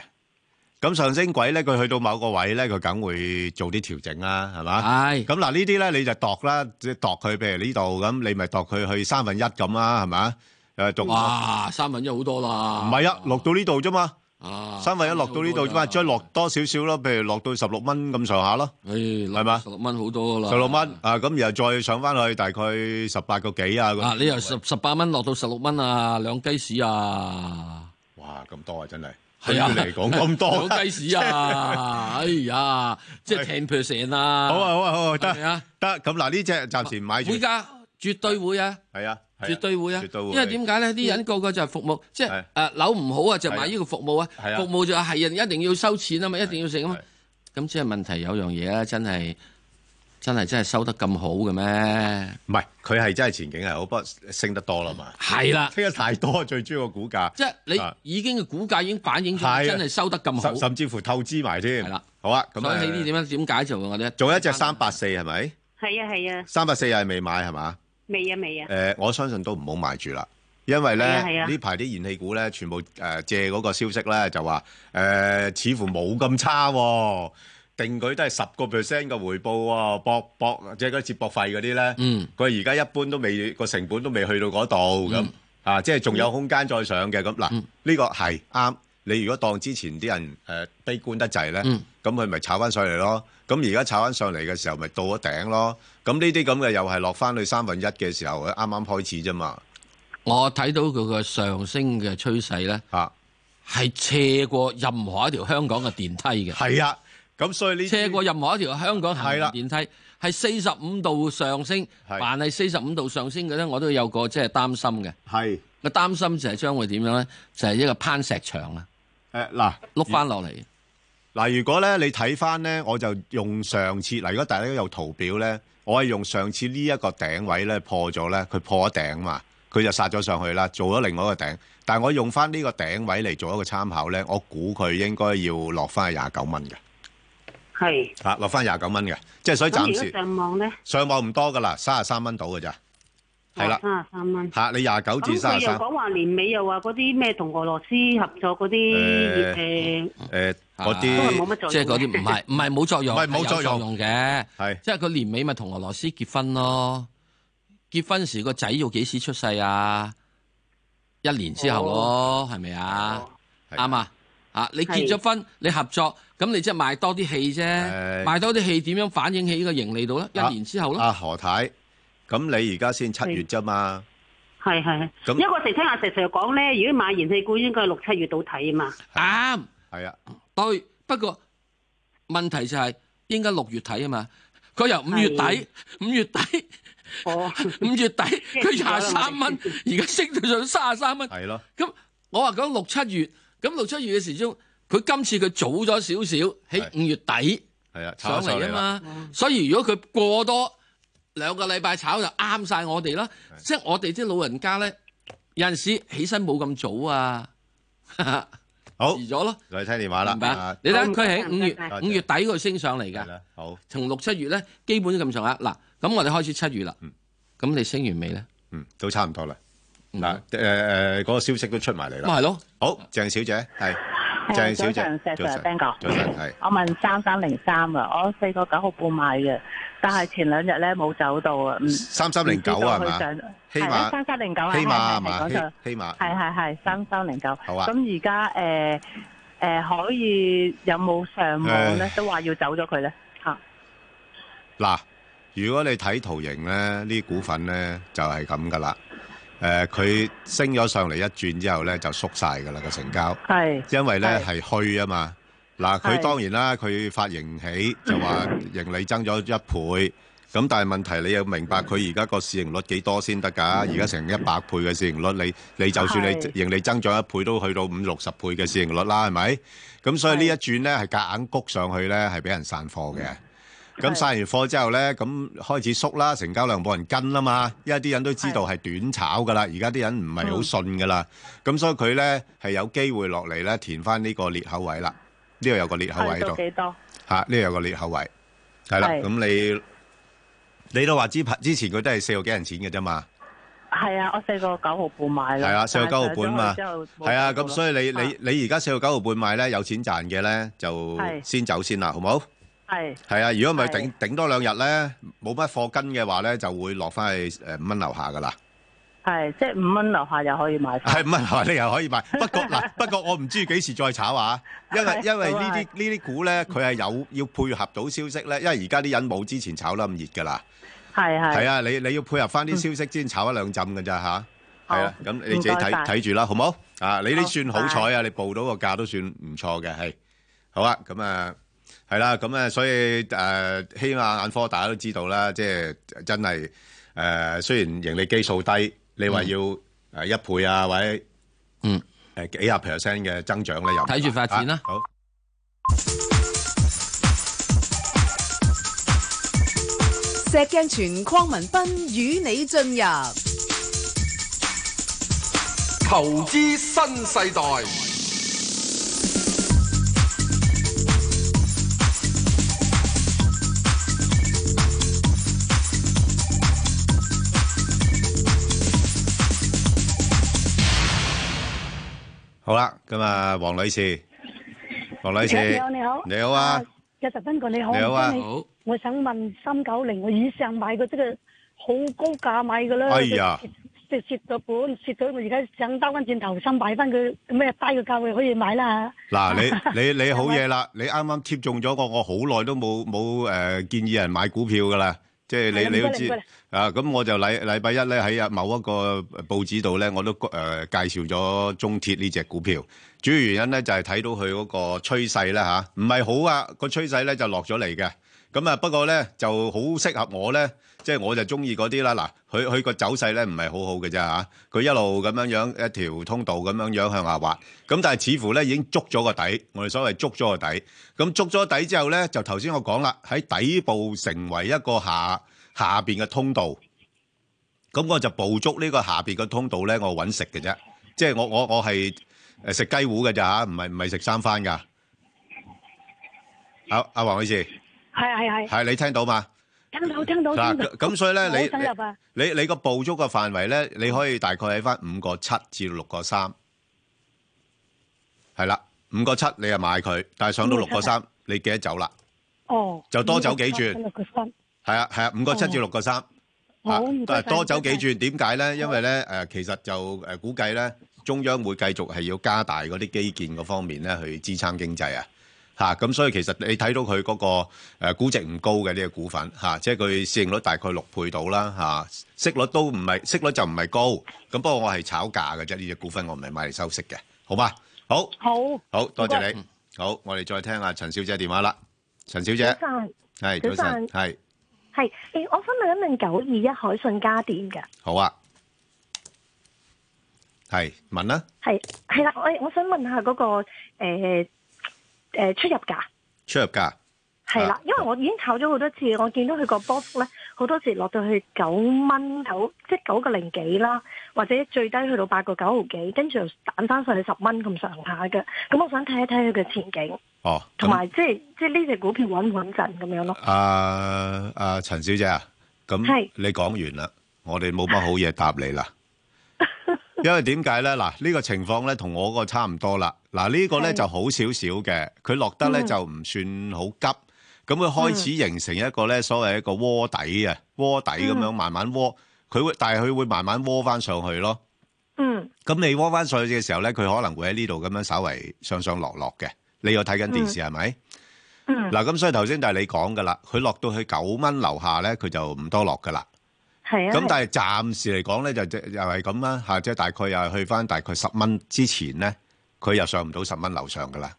咁上升軌咧佢去到某個位咧佢梗會做啲調整啦，係嘛？係。咁嗱呢啲咧你就度啦，即係度佢，譬如呢度咁，你咪度佢去三分一咁啦，係嘛？誒，仲。哇，三分一好多啦。唔係啊，落到呢度啫嘛。啊！三分一落到呢度，將落多少少咯？譬如落到十六蚊咁上下咯，係嘛？十六蚊好多啦。十六蚊啊！咁然後再上翻去大概十八個幾啊？嗱，你由十十八蚊落到十六蚊啊，兩雞屎啊！哇！咁多啊，真係係啊你講咁多兩雞屎啊！哎呀，即係 ten percent 啊！好啊好啊好啊，得啊得！咁嗱，呢隻暫時唔買住。會噶，絕對會啊！係啊！啊、絕對會啊！因為點解咧？啲、嗯、人個個就係服務，即係誒樓唔好啊，就買呢個服務啊。是啊服務就係人一定要收錢啊嘛、啊，一定要食啊嘛。咁即係問題有樣嘢啊，真係真係真係收得咁好嘅咩？唔係，佢係真係前景係好，不過升得多啦嘛。係啦、啊，升得太多，最主要個股價。即係、啊啊、你已經嘅股價已經反映到、啊、真係收得咁好，甚至乎透支埋添。係啦、啊嗯，好啊。咁樣呢啲點樣？點、啊、解做嘅我哋？做一隻三百四係咪？係啊係啊。三百四又係未買係嘛？是吧未啊，未啊！誒、呃，我相信都唔好買住啦，因為咧呢排啲、啊啊、燃氣股咧，全部誒借嗰個消息咧，就話誒、呃、似乎冇咁差、啊，定舉都係十個 percent 嘅回報喎、啊，博博即係嗰啲接駁費嗰啲咧，嗯，佢而家一般都未個成本都未去到嗰度咁啊，即係仲有空間再上嘅咁嗱，呢、嗯呢個係啱。是。你如果當之前啲人誒、呃、悲觀得滯咧，咁佢咪炒翻上嚟咯？咁而家炒翻上嚟嘅時候，咪到咗頂咯？咁呢啲咁嘅又係落翻去三分一嘅時候，啱啱開始啫嘛。我睇到佢個上升嘅趨勢咧，係、啊、斜過任何一條香港嘅電梯嘅。係啊，咁所以你斜過任何一條香港行嘅電梯係四十五度上升，凡係四十五度上升嘅咧，我都有個即係擔心嘅。係個擔心就係將會點樣咧？就係、是、一個攀石牆啦。誒，嗱，碌翻落嚟。嗱，如果咧、啊、你睇翻咧，我就用上次。嗱、啊，如果大家有圖表咧，我係用上次頂呢一個頂位咧破咗咧，佢破咗頂嘛，佢就殺咗上去啦，做咗另外一個頂。但係我用翻呢個頂位嚟做一個參考咧，我估佢應該要落翻廿九蚊嘅。係。吓、啊，落翻廿九蚊嘅，即係所以暫時呢。咁如果上網咧？上網唔多噶啦，三十三蚊到㗎咋。係啦，三十三蚊。吓，你廿九至三十三。咁、嗯、佢又講話年尾又話嗰啲咩同俄羅斯合作嗰啲，誒誒嗰啲，即係嗰啲唔係唔係冇作用，唔係冇作用嘅，係即係佢年尾咪同俄羅斯結婚咯？結婚時個仔要幾時出世啊？一年之後咯，係咪啊？啱啊、哦！啊，你結咗婚，你合作，咁你即係賣多啲氣啫。賣多啲氣點樣反映喺呢個盈利度咧？一年之後咯。阿、啊啊、何太。咁你而家先七月啫嘛？係係係，一個成聽阿石成日講咧，如果買燃氣股應該係六七月到睇啊嘛。啱，係啊，對。不過問題就係應該六月底啊嘛。佢由五月底，五月底，哦，五月底佢廿三蚊，而家 [LAUGHS] 升到上三十三蚊。係咯。咁我話講六七月，咁六七月嘅時鐘佢今次佢早咗少少喺五月底，係啊，上嚟啊嘛。所以如果佢過多。兩個禮拜炒就啱晒我哋啦，即係我哋啲老人家咧，有陣時起身冇咁早啊，哈哈好遲咗咯，你聽電話啦、啊，你睇佢喺五月五、啊、月底佢升上嚟噶，好，從六七月咧基本都咁上下。嗱，咁我哋開始七月啦，咁、嗯、你升完未咧？嗯，都差唔多啦。嗱，誒、呃、誒，嗰、呃嗰個消息都出埋嚟啦。咁係咯。好，鄭小姐係。鄭小姐，鄭小 Ben 哥，我問三三零三啊，我四個九號半買嘅，但係前兩日咧冇走到3，啊，三三零九啊，係嘛？三三零九啊，起碼？係係係三三零九。3309，好啊。咁而家誒誒，可以有冇上望咧？都話要走咗佢咧。吓，嗱，如果你睇圖形咧，呢啲股份咧就係咁噶啦。誒、呃，佢升咗上嚟一轉之後呢，就縮晒噶啦個成交是，因為呢係虛啊嘛。嗱，佢當然啦，佢發盈喜就話盈利增咗一倍，咁 [LAUGHS] 但係問題你要明白佢而家個市盈率幾多先得噶？而 [LAUGHS] 家成一百倍嘅市盈率，你你就算你盈利增咗一倍，都去到五六十倍嘅市盈率啦，係 [LAUGHS] 咪？咁所以呢一轉呢，係夾硬谷上去呢，係俾人散貨嘅。咁晒完貨之後呢，咁開始縮啦，成交量冇人跟啦嘛，因為啲人都知道係短炒噶啦，而家啲人唔係好信噶啦，咁、嗯、所以佢呢係有機會落嚟呢，填翻呢個裂口位啦。呢度有個裂口位喺度。幾多吓呢度有個裂口位，係啦。咁你你都話之之前佢都係四號幾人錢嘅啫嘛？係啊，我四個九號半買啦。係啊，四個九號半嘛。係啊，咁所以你你你而家四個九號半買呢，有錢賺嘅呢，就先走先啦，好冇？係係啊！如果唔係頂頂多兩日咧，冇乜貨跟嘅話咧，就會落翻去誒五蚊樓下噶啦。係即係五蚊樓下又可以買翻。係五蚊樓下你又可以買。不過嗱， [LAUGHS] 不過我唔知幾時再炒啊！因為因為股呢啲呢啲股咧，佢係有要配合到消息咧。因為而家啲人冇之前炒得咁熱噶啦。係係係啊！你你要配合翻啲消息先炒一兩陣噶咋吓？係、嗯、啊、咁、啊、你自己睇睇住啦，好冇啊？你呢算好彩啊！Okay. 你報到個價都算唔錯嘅係。好啊，咁啊。係啦，咁啊，所以誒，希望眼科大家都知道啦，即係真係誒，雖然盈利基數低，你話要誒一倍啊，或者嗯誒幾十 percent 嘅增長咧，又睇住發展啦、啊。好，石鏡泉鄺文斌與你進入投資新世代。好啦，咁啊，黃女士，黃女士，你好，你好，你好啊，有十分鐘你好，你好啊，好，我想問三九零，我以上買過即係好高價買噶啦，哎呀，蝕蝕咗本，蝕咗我而家想兜翻轉頭想買翻佢咩低嘅價位可以買啦。嗱，你你你好嘢啦，你啱啱貼中咗個，我好耐都冇冇誒建議人買股票噶啦。即係你是你都知啊，謝謝你啊，咁我就禮禮拜一咧喺某一個報紙度呢，我都誒、呃、介紹咗中鐵呢隻股票。主要原因呢，就係、是、睇到佢嗰個趨勢，啊唔係好啊、它的趨勢呢，吓，唔係好啊個趨勢呢就落咗嚟嘅。咁啊，不過呢，就好適合我呢。即係我就中意嗰啲啦，嗱，佢佢個走勢咧唔係好好嘅啫嚇，佢一路咁樣樣一條通道咁樣樣向下滑，咁但係似乎咧已經捉咗個底，我哋所謂捉咗個底，咁捉咗底之後咧，就頭先我講啦，喺底部成為一個下下邊嘅通道，咁我就捕捉呢個下邊嘅通道咧，我揾食嘅啫，即係我我我係誒食雞糊嘅咋嚇，唔係唔係食三番㗎。好、啊，阿黃女士，係係係，係你聽到嘛？聽到聽到聽到，咁所以咧，你你個捕捉嘅範圍咧，你可以大概喺翻五個七至六個三，係啦，五個七你就買佢，但係上到六個三，你記得走啦。哦，就多走幾轉。六個三，係啊係啊，五個七至六個三啊，多走幾轉。點解咧？因為咧誒，其實就誒估計咧，中央會繼續係要加大嗰啲基建嗰方面咧去支撐經濟啊。吓咁，所以其實你睇到佢嗰個誒估值唔高嘅呢個股份吓，即係佢市盈率大概六倍到啦吓，息率都唔係息率就唔係高。咁不過我係炒價嘅啫，呢隻股份我唔係買嚟收息嘅，好嗎？好，好，好多謝你。好，我哋再聽下陳小姐電話啦。陳小姐，早晨，係早晨，係，係。誒，我想問一問九二一海信家電㗎。好啊，係問啦。係，係啦。我我想問下嗰個誒。誒，出入價，出入價，係、啊、啦，因為我已經炒咗好多次，我見到佢個波幅咧，好多次落到去九蚊頭，即係九個零幾啦，或者最低去到八個九毫幾，跟住彈翻上去十蚊咁上下嘅，咁我想睇一睇佢嘅前景，哦，同埋即係即係呢隻股票穩唔穩陣咁樣咯。阿阿陳小姐啊，咁你講完啦，我哋冇乜好嘢答你啦。因為點解咧？嗱，呢個情況咧同我個差唔多啦，這個差唔多啦。嗱，呢個咧就好少少嘅，佢落得咧就唔算好急。咁，嗯、佢開始形成一個咧所謂一個窩底啊，窩底咁樣，慢慢窩。佢，嗯、但係佢會慢慢窩翻上去咯。嗯。咁你窩翻上去嘅時候咧，佢可能會喺呢度咁樣稍微上上落落嘅。你又睇緊電視係咪？嗯。嗱，咁，嗯、所以頭先就係你講噶啦。佢落到去九蚊樓下咧，佢就唔多落噶啦。係啊，咁但係暫時嚟講咧，就即係又係咁啦，吓即係大概又係去翻大概十蚊之前咧，佢又上唔到十蚊樓上噶啦。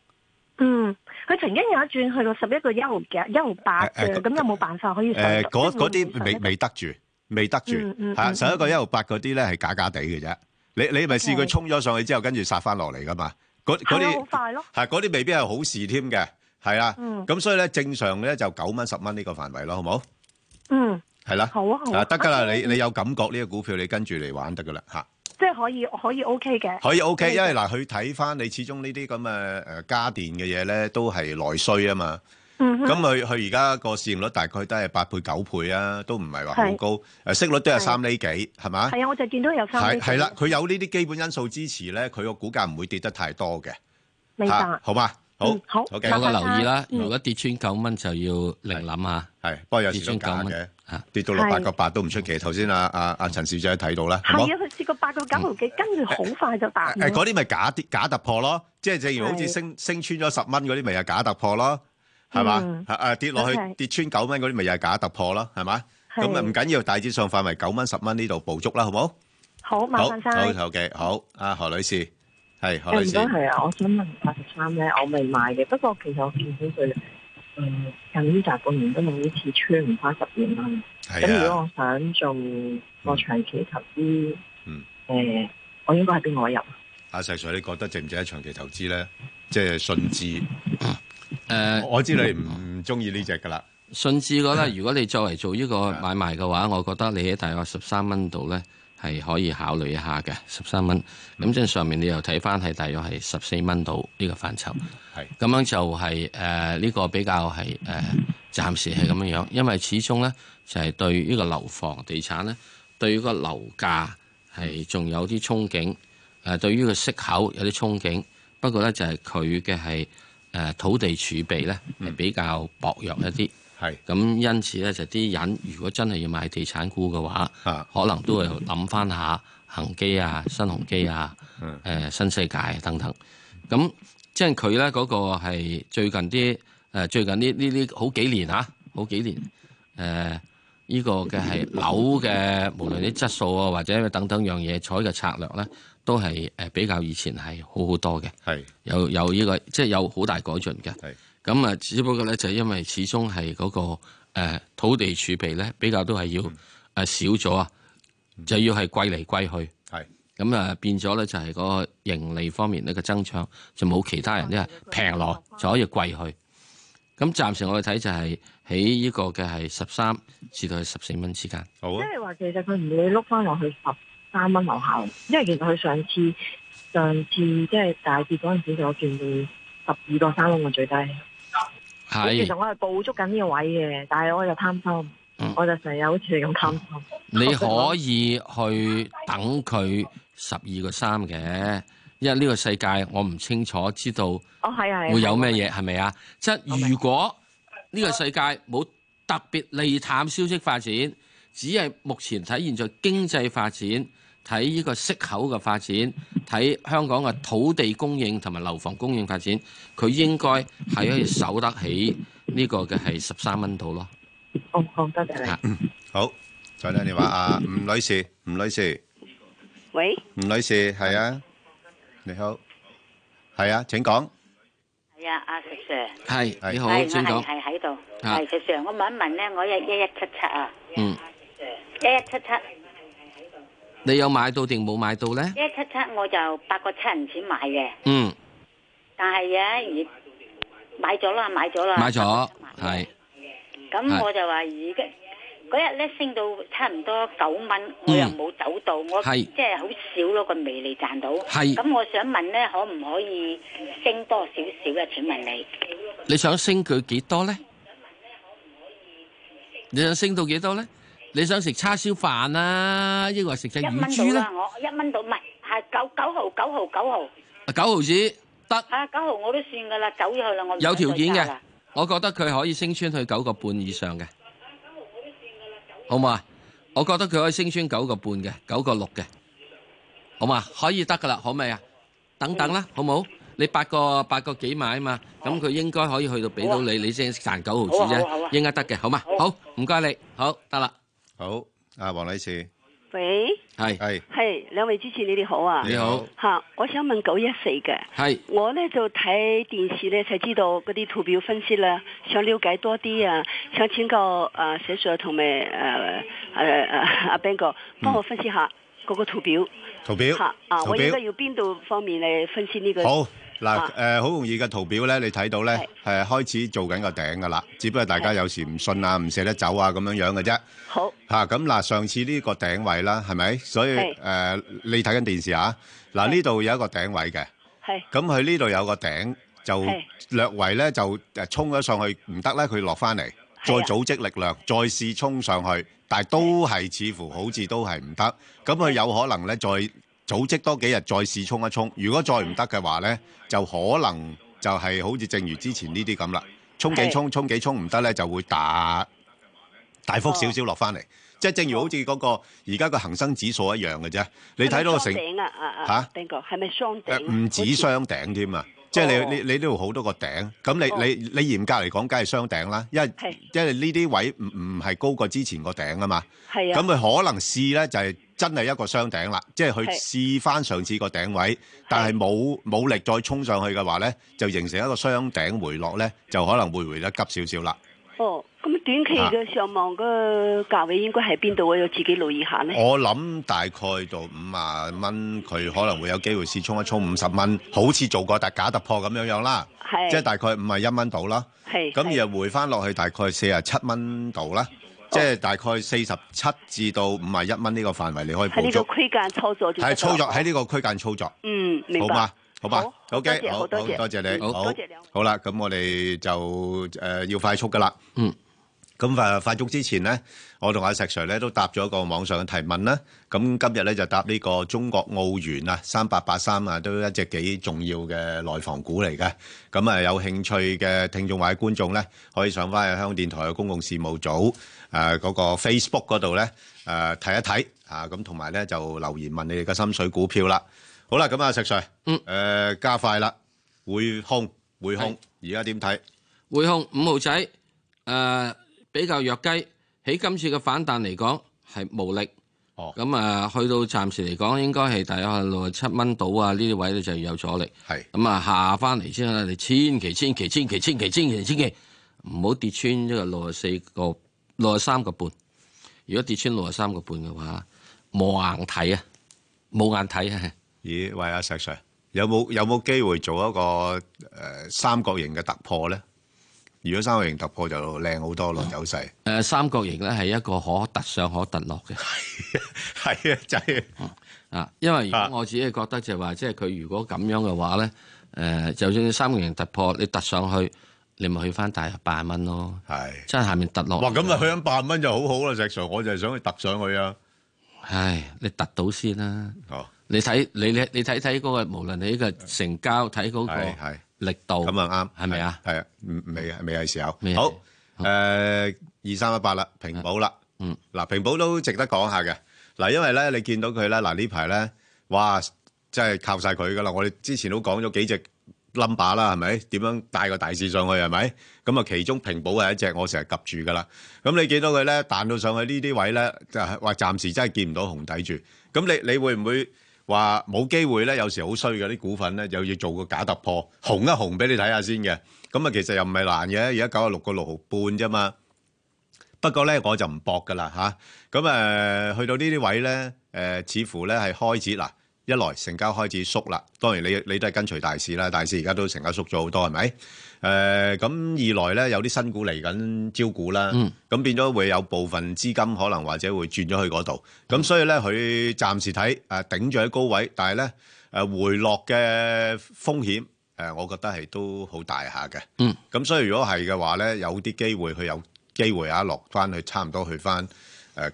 嗯，佢曾經有一轉去到十一個一毫嘅一毫八嘅，咁有冇辦法可以？誒，嗰嗰啲未未得住，未得住。嗯嗯。係十一個一毫八嗰啲咧，係假假地嘅啫。你你咪試佢衝咗上去之後，跟住殺翻落嚟噶嘛？嗰嗰啲係好快咯，嗰啲未必係好事添嘅，係啦。嗯。咁所以咧，正常咧就九蚊十蚊呢個範圍咯，好冇？嗯。係啦、好啊好啊，啊得噶啦，你你有感覺呢，這個股票，你跟住嚟玩得噶啦吓，即係可以可以 OK 嘅，可以 OK，可以 OK 因為嗱，佢睇翻你始終呢啲咁嘅誒家電嘅嘢咧，都係內需啊嘛，嗯，咁佢佢而家個市盈率大概都係八倍九倍啊，都唔係話好高，誒息率都係三厘幾係嘛？係啊，我就見到有三厘，係啦，佢有呢啲基本因素支持咧，佢個股價唔會跌得太多嘅，明白，啊，好嘛？好，好，有個留意啦。如果跌穿九蚊就要另諗吓，係，不過有少少假嘅吓，跌到六八個八都唔出奇。頭先阿阿阿陳小姐睇到啦，係啊，佢試過八個九毫幾，跟住好快就達。誒，嗰啲咪假跌、假突破咯？即係正如好似升升穿咗十蚊嗰啲，咪又假突破咯，係嘛？誒跌落去跌穿九蚊嗰啲，咪又係假突破咯，係嘛？咁啊唔緊要，大致上範圍九蚊、十蚊呢度捕捉啦，好唔好？好，馬生，好，好嘅，好，阿何女士。係，唔該，係啊！我想問八十三咧，我未買嘅。不過其實我見到佢，嗯，近呢大半年都冇呢次穿，唔花十點蚊。係啊。咁如果我想做個長期投資，嗯，誒、呃，我應該喺邊度入啊？阿 Sir，你覺得值唔值喺長期投資咧？即係信置。誒、 [LAUGHS] [LAUGHS] 呃，我知你唔中意呢隻噶啦。信置覺得，如果你作為做呢個買賣嘅話、嗯嗯，我覺得你喺大概十三蚊度咧。係可以考慮一下嘅，十三蚊。咁即係上面你又睇翻係大約係十四蚊度呢個範疇。係咁樣就係誒呢個比較係誒、呃、暫時係咁樣樣，因為始終咧就係、是、對呢個樓房地產咧，對於個樓價係仲有啲憧憬。誒、呃，對於個息口有啲憧憬。不過咧就係佢嘅係誒土地儲備咧係比較薄弱一啲。係咁，因此咧就啲人如果人真係要買地產股嘅話，啊，可能都會諗翻下恒基啊、新鴻基啊、誒、啊呃、新世界、啊呃新世界啊、等等。咁即係佢咧嗰個係最近啲誒、呃，最近呢呢呢好幾年啊，好幾年誒呢、呃這個嘅係樓嘅，無論啲質素啊或者等等樣嘢採嘅策略咧，都係誒比較以前係好好多嘅，係有有呢、這個即係有好大改進嘅。咁啊，只不過咧就係因為始終係嗰、嗰個、呃、土地儲備咧比較都係要少咗啊，就要係貴嚟貴去。咁啊，變咗咧就係、係、嗰個盈利方面咧、嘅增長就冇其他人啲係平落就可以貴去。咁暫時我哋睇就係喺呢個嘅係十三至到十四蚊之間。好、啊。即係話其實佢唔會碌翻落去十三蚊樓下，因為其實佢上次上次即係大跌嗰陣時就我見到十二個三蚊嘅最低。係，其實我係捕捉緊呢個位嘅，但係我又貪心，嗯，我就成日好似你咁貪心。你可以去等佢十二個三嘅，因為呢個世界我唔清楚知道，哦係啊會有咩嘢係咪啊？即係如果呢個世界冇特別利淡消息發展，只係目前睇現在經濟發展。睇呢個息口嘅發展，睇香港嘅土地供應同埋樓房供應發展，佢應該係可以守得起呢個嘅係十三蚊度咯。好好，多謝你。好，再聽電話啊，吳女士，吳女士。喂，吳女士，係啊，你好，係啊，請講。係啊，阿石 Sir，係你好，請講。係喺度，係石 Sir，我問一問咧，我日一一七七啊，嗯，一一七七。你有買到定冇買到咧？一七七我就八個七銀錢買嘅。嗯。但係呀，而買咗啦，買咗啦。買咗，係。咁我就話而家嗰日咧升到差唔多九蚊，我又冇走到，我即係好少嗰個微利賺到。係。咁我想問咧，可唔可以升多少少咧？請問你，你想升佢幾多咧？你想升到幾多咧？你想食叉燒飯啦，抑或食隻乳豬咧？一蚊到啦，我一蚊到，唔係係九九毫九毫九毫。九毫子得啊？九毫我都算噶啦，走咗去啦，我有條件嘅，我覺得佢可以升穿去九個半以上嘅。九毫我都算噶啦，好唔好啊？我覺得佢可以升穿九個半嘅，九個六嘅，好嘛？可以得噶啦，好未啊？等等啦，好唔好？你八個八個幾買啊嘛？咁佢應該可以去到俾到你，你先賺九毫子啫，應該得嘅，好嘛？好唔該你，好得啦。好，阿黃女士，喂，係係係，兩位主持你哋好啊，你好，吓，我想問九一四嘅，係，我咧就睇電視咧就知道嗰啲圖表分析啦，想了解多啲啊，想請教阿社長同埋誒誒阿 Ben 哥，呃呃呃啊啊，幫我分析下嗰個圖表，嗯、圖表，吓，啊，我而家要邊度方面嚟分析呢、呢個？好。嗱，誒好容易嘅圖表咧，你睇到咧，係開始做緊個頂㗎啦。只不過大家有時唔信啊，唔捨得走啊，咁樣樣嘅啫。好嚇，咁嗱，上次呢個頂位啦，係咪？所以誒，你睇緊電視嚇，嗱呢度有一個頂位嘅。係。咁佢呢度有個頂，就略為咧就誒衝咗上去唔得咧，佢落翻嚟，再組織力量，再試衝上去，但係都係似乎好似都係唔得。咁佢有可能咧再，組織多幾日再試衝一衝，如果再唔得嘅話咧，就可能就係好似正如之前沖沖沖沖呢啲咁啦，衝幾衝衝幾衝唔得咧，就會大大幅少少落翻嚟，即係正如好似嗰、嗰個而家個恒生指數一樣嘅啫。你睇到成嚇，係咪雙，啊啊雙，啊啊、雙頂？唔、啊、止雙頂啊。即係你你你呢度好多個頂，咁你、哦、你你，你嚴格嚟講，梗係雙頂啦，因為因為呢啲位唔唔係高過之前個頂啊嘛，咁佢可能試咧就係真係一個雙頂啦，即係佢試翻上，上次個頂位，但係冇冇力再衝上去嘅話咧，就形成一個雙頂回落咧，就可能會回得急少少啦。哦，咁短期嘅上望嘅價位應該喺邊度啊？我要自己留意下咧。我諗大概到五啊蚊，佢可能會有機會試衝一衝五十蚊，好似做過特假突破咁樣樣啦。係。即係大概五啊一蚊到啦。係。咁而啊回翻落去大概四啊七蚊到啦，即係大概四十七至到五啊一蚊呢個範圍你可以捕捉。喺呢個區間操，操作。係操作喺呢個區間操作。嗯，明白。好嗎？好嘛，好嘅，好多謝，多謝你，好，多謝你，好啦，咁我哋就誒要快速噶啦，嗯，咁誒快速之前咧，我同阿石 Sir 咧都答咗個網上嘅提問啦，咁今日咧就答呢個中國奧園啊，三八八三啊，都一隻幾重要嘅內房股嚟嘅，咁啊有興趣嘅聽眾或者觀眾咧，可以上翻去香港電台嘅公共事務組誒嗰個 Facebook 嗰度咧誒睇一睇啊，咁同埋咧就留言問你哋嘅心水股票啦。好啦，咁啊，石 Sir，嗯，誒，加快啦，匯控匯控，而家點睇？匯控五號仔誒、呃，比較弱雞。喺今次嘅反彈嚟講係無力，哦、嗯，咁啊，去到暫時嚟講，應該係大約六十七蚊到啊呢啲位咧就有阻力。係咁啊，下翻嚟先啦，你千祈千祈千祈千祈千祈千祈唔好跌穿呢個六十四個六十三個半。如果跌穿六十三個半嘅話，冇眼睇啊，冇眼睇啊！咦，喂！阿石 Sir，有冇有冇機會做一個誒、呃、三角形嘅突破咧？如果三角形突破就靚好多咯、哦，有勢誒、呃。三角形咧係一個可突上可突落嘅，係啊，啊，就係啊，因為如果我自己覺得就係、啊、話，即係佢如果咁樣嘅話咧，誒，就算你三角形突破，你突上去，你咪去返大約八蚊咯，係即係下面突落哇，咁啊去緊八蚊就好好啦，石 Sir，我就係想去突上去啊，唉，你突到先啦、啊，哦。你睇你你你睇睇嗰個無論你呢個成交睇嗰個力度，咁啊啱係咪啊？係啊，未啊未係時候。好，誒二三一八啦，平保啦。嗯，嗱平保都值得講下嘅嗱，因為咧你見到佢咧嗱呢排咧，哇真係靠曬佢噶啦！我哋之前都講咗幾隻 number 啦，係咪點樣帶個大市上去係咪？咁啊其中平保係一隻，我成日及住噶啦。咁你見到佢咧彈到上去呢啲位咧，就係話暫時真係見唔到紅底住。咁你你會唔會？話冇機會咧，有時好衰嘅啲股份咧，就要做個假突破，紅一紅俾你睇下先嘅。咁啊，其實又唔係難嘅，而家九啊六個六毫半啫嘛。不過咧，我就唔搏噶啦吓。咁誒，去到呢啲位咧，誒，似乎咧係開始嗱，一來成交開始縮啦。當然你你都係跟隨大市啦，大市而家都成交縮咗好多，係咪？誒咁二來咧，有啲新股嚟緊招股啦，咁、嗯、變咗會有部分資金可能或者會轉咗去嗰度，咁、嗯、所以咧佢暫時睇誒頂住喺高位，但係咧回落嘅風險我覺得係都好大下嘅。嗯，咁所以如果係嘅話咧，有啲機會佢有機會啊落翻去差唔多去翻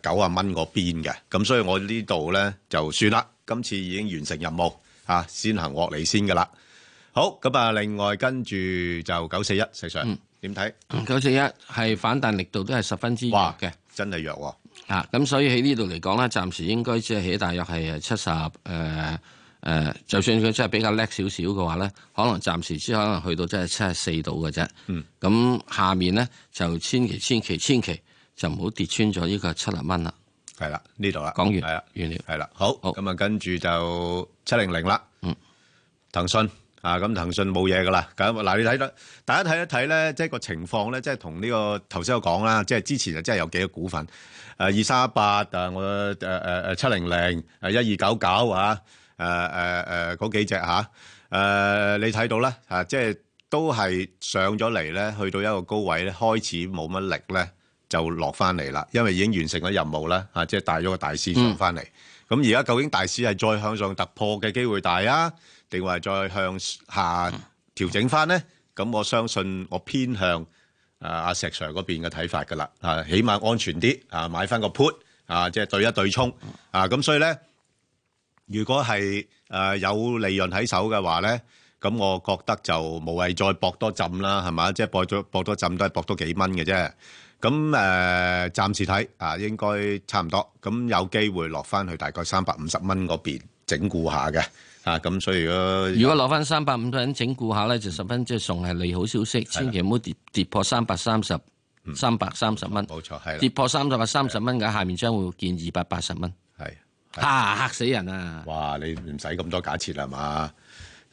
九啊蚊嗰邊嘅，咁所以我呢度咧就算啦，今次已經完成任務，先行獲利先㗎啦。好咁啊！那另外跟住就九四一，石、嗯、上，點睇？九四一係反彈力度都係十分之弱嘅，真係弱啊！咁、啊、所以喺呢度嚟講咧，暫時應該即係起大約係誒七十誒誒，就算佢真係比較叻少少嘅話咧，可能暫時只可能去到即係七十四度嘅啫。嗯，咁下面咧就千祈千祈千祈就唔好跌穿咗呢個七十蚊啦。係啦，呢度啦，講完係啦，完了係啦。好咁啊，跟住就七零零啦，嗯，騰訊。啊，咁騰訊冇嘢噶啦，咁嗱你睇到大家睇一睇咧，即係個情況咧，即係同呢個頭先我講啦，即係之前就真係有幾個股份，二三一八，誒我誒誒七零零，一二九九啊，嗰、呃呃、幾隻嚇、啊呃，你睇到呢、啊，即係都係上咗嚟咧，去到一個高位咧，開始冇乜力咧，就落翻嚟啦，因為已經完成咗任務啦、啊，即係帶咗個大市上翻嚟，咁而家究竟大市係再向上突破嘅機會大啊？定係再向下調整翻呢，咁我相信我偏向啊阿石 Sir 嗰邊嘅睇法噶啦，啊起碼安全啲，啊買翻個 put 啊，即係對一對沖啊，咁所以呢，如果係誒有利潤喺手嘅話呢，咁我覺得就無謂再搏多浸啦，係咪？即係搏多搏多浸都係搏多幾蚊嘅啫。咁誒，暫時睇啊，應該差唔多，咁有機會落翻去大概三百五十蚊嗰邊。整固下嘅，啊咁所以如果如果攞翻三百五十人整固下咧，就十分、嗯、即係送係利好消息，嗯、千祈唔好跌跌破三百三十三百三十蚊，冇錯係跌破三百三十蚊嘅，下面將會見二百八十蚊，係吓吓死人啊！哇！你唔使咁多假設係嘛？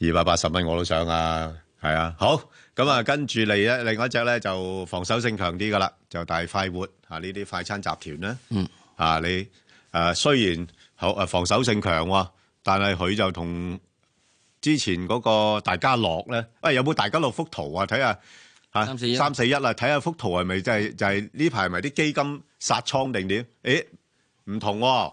二百八十蚊我都想啊，係啊，好咁啊，跟住嚟一另外一隻咧就防守性強啲嘅啦，就大快活嚇呢啲快餐集團咧，嗯嚇、啊、你誒、啊、雖然好誒防守性強喎、哦。但係佢就同之前嗰個大家樂咧，喂、哎、有冇大家樂幅圖啊？睇下吓，三四一，三四一啦，睇下幅圖係咪真係就係呢排咪啲基金殺倉定點？誒，唔同、啊，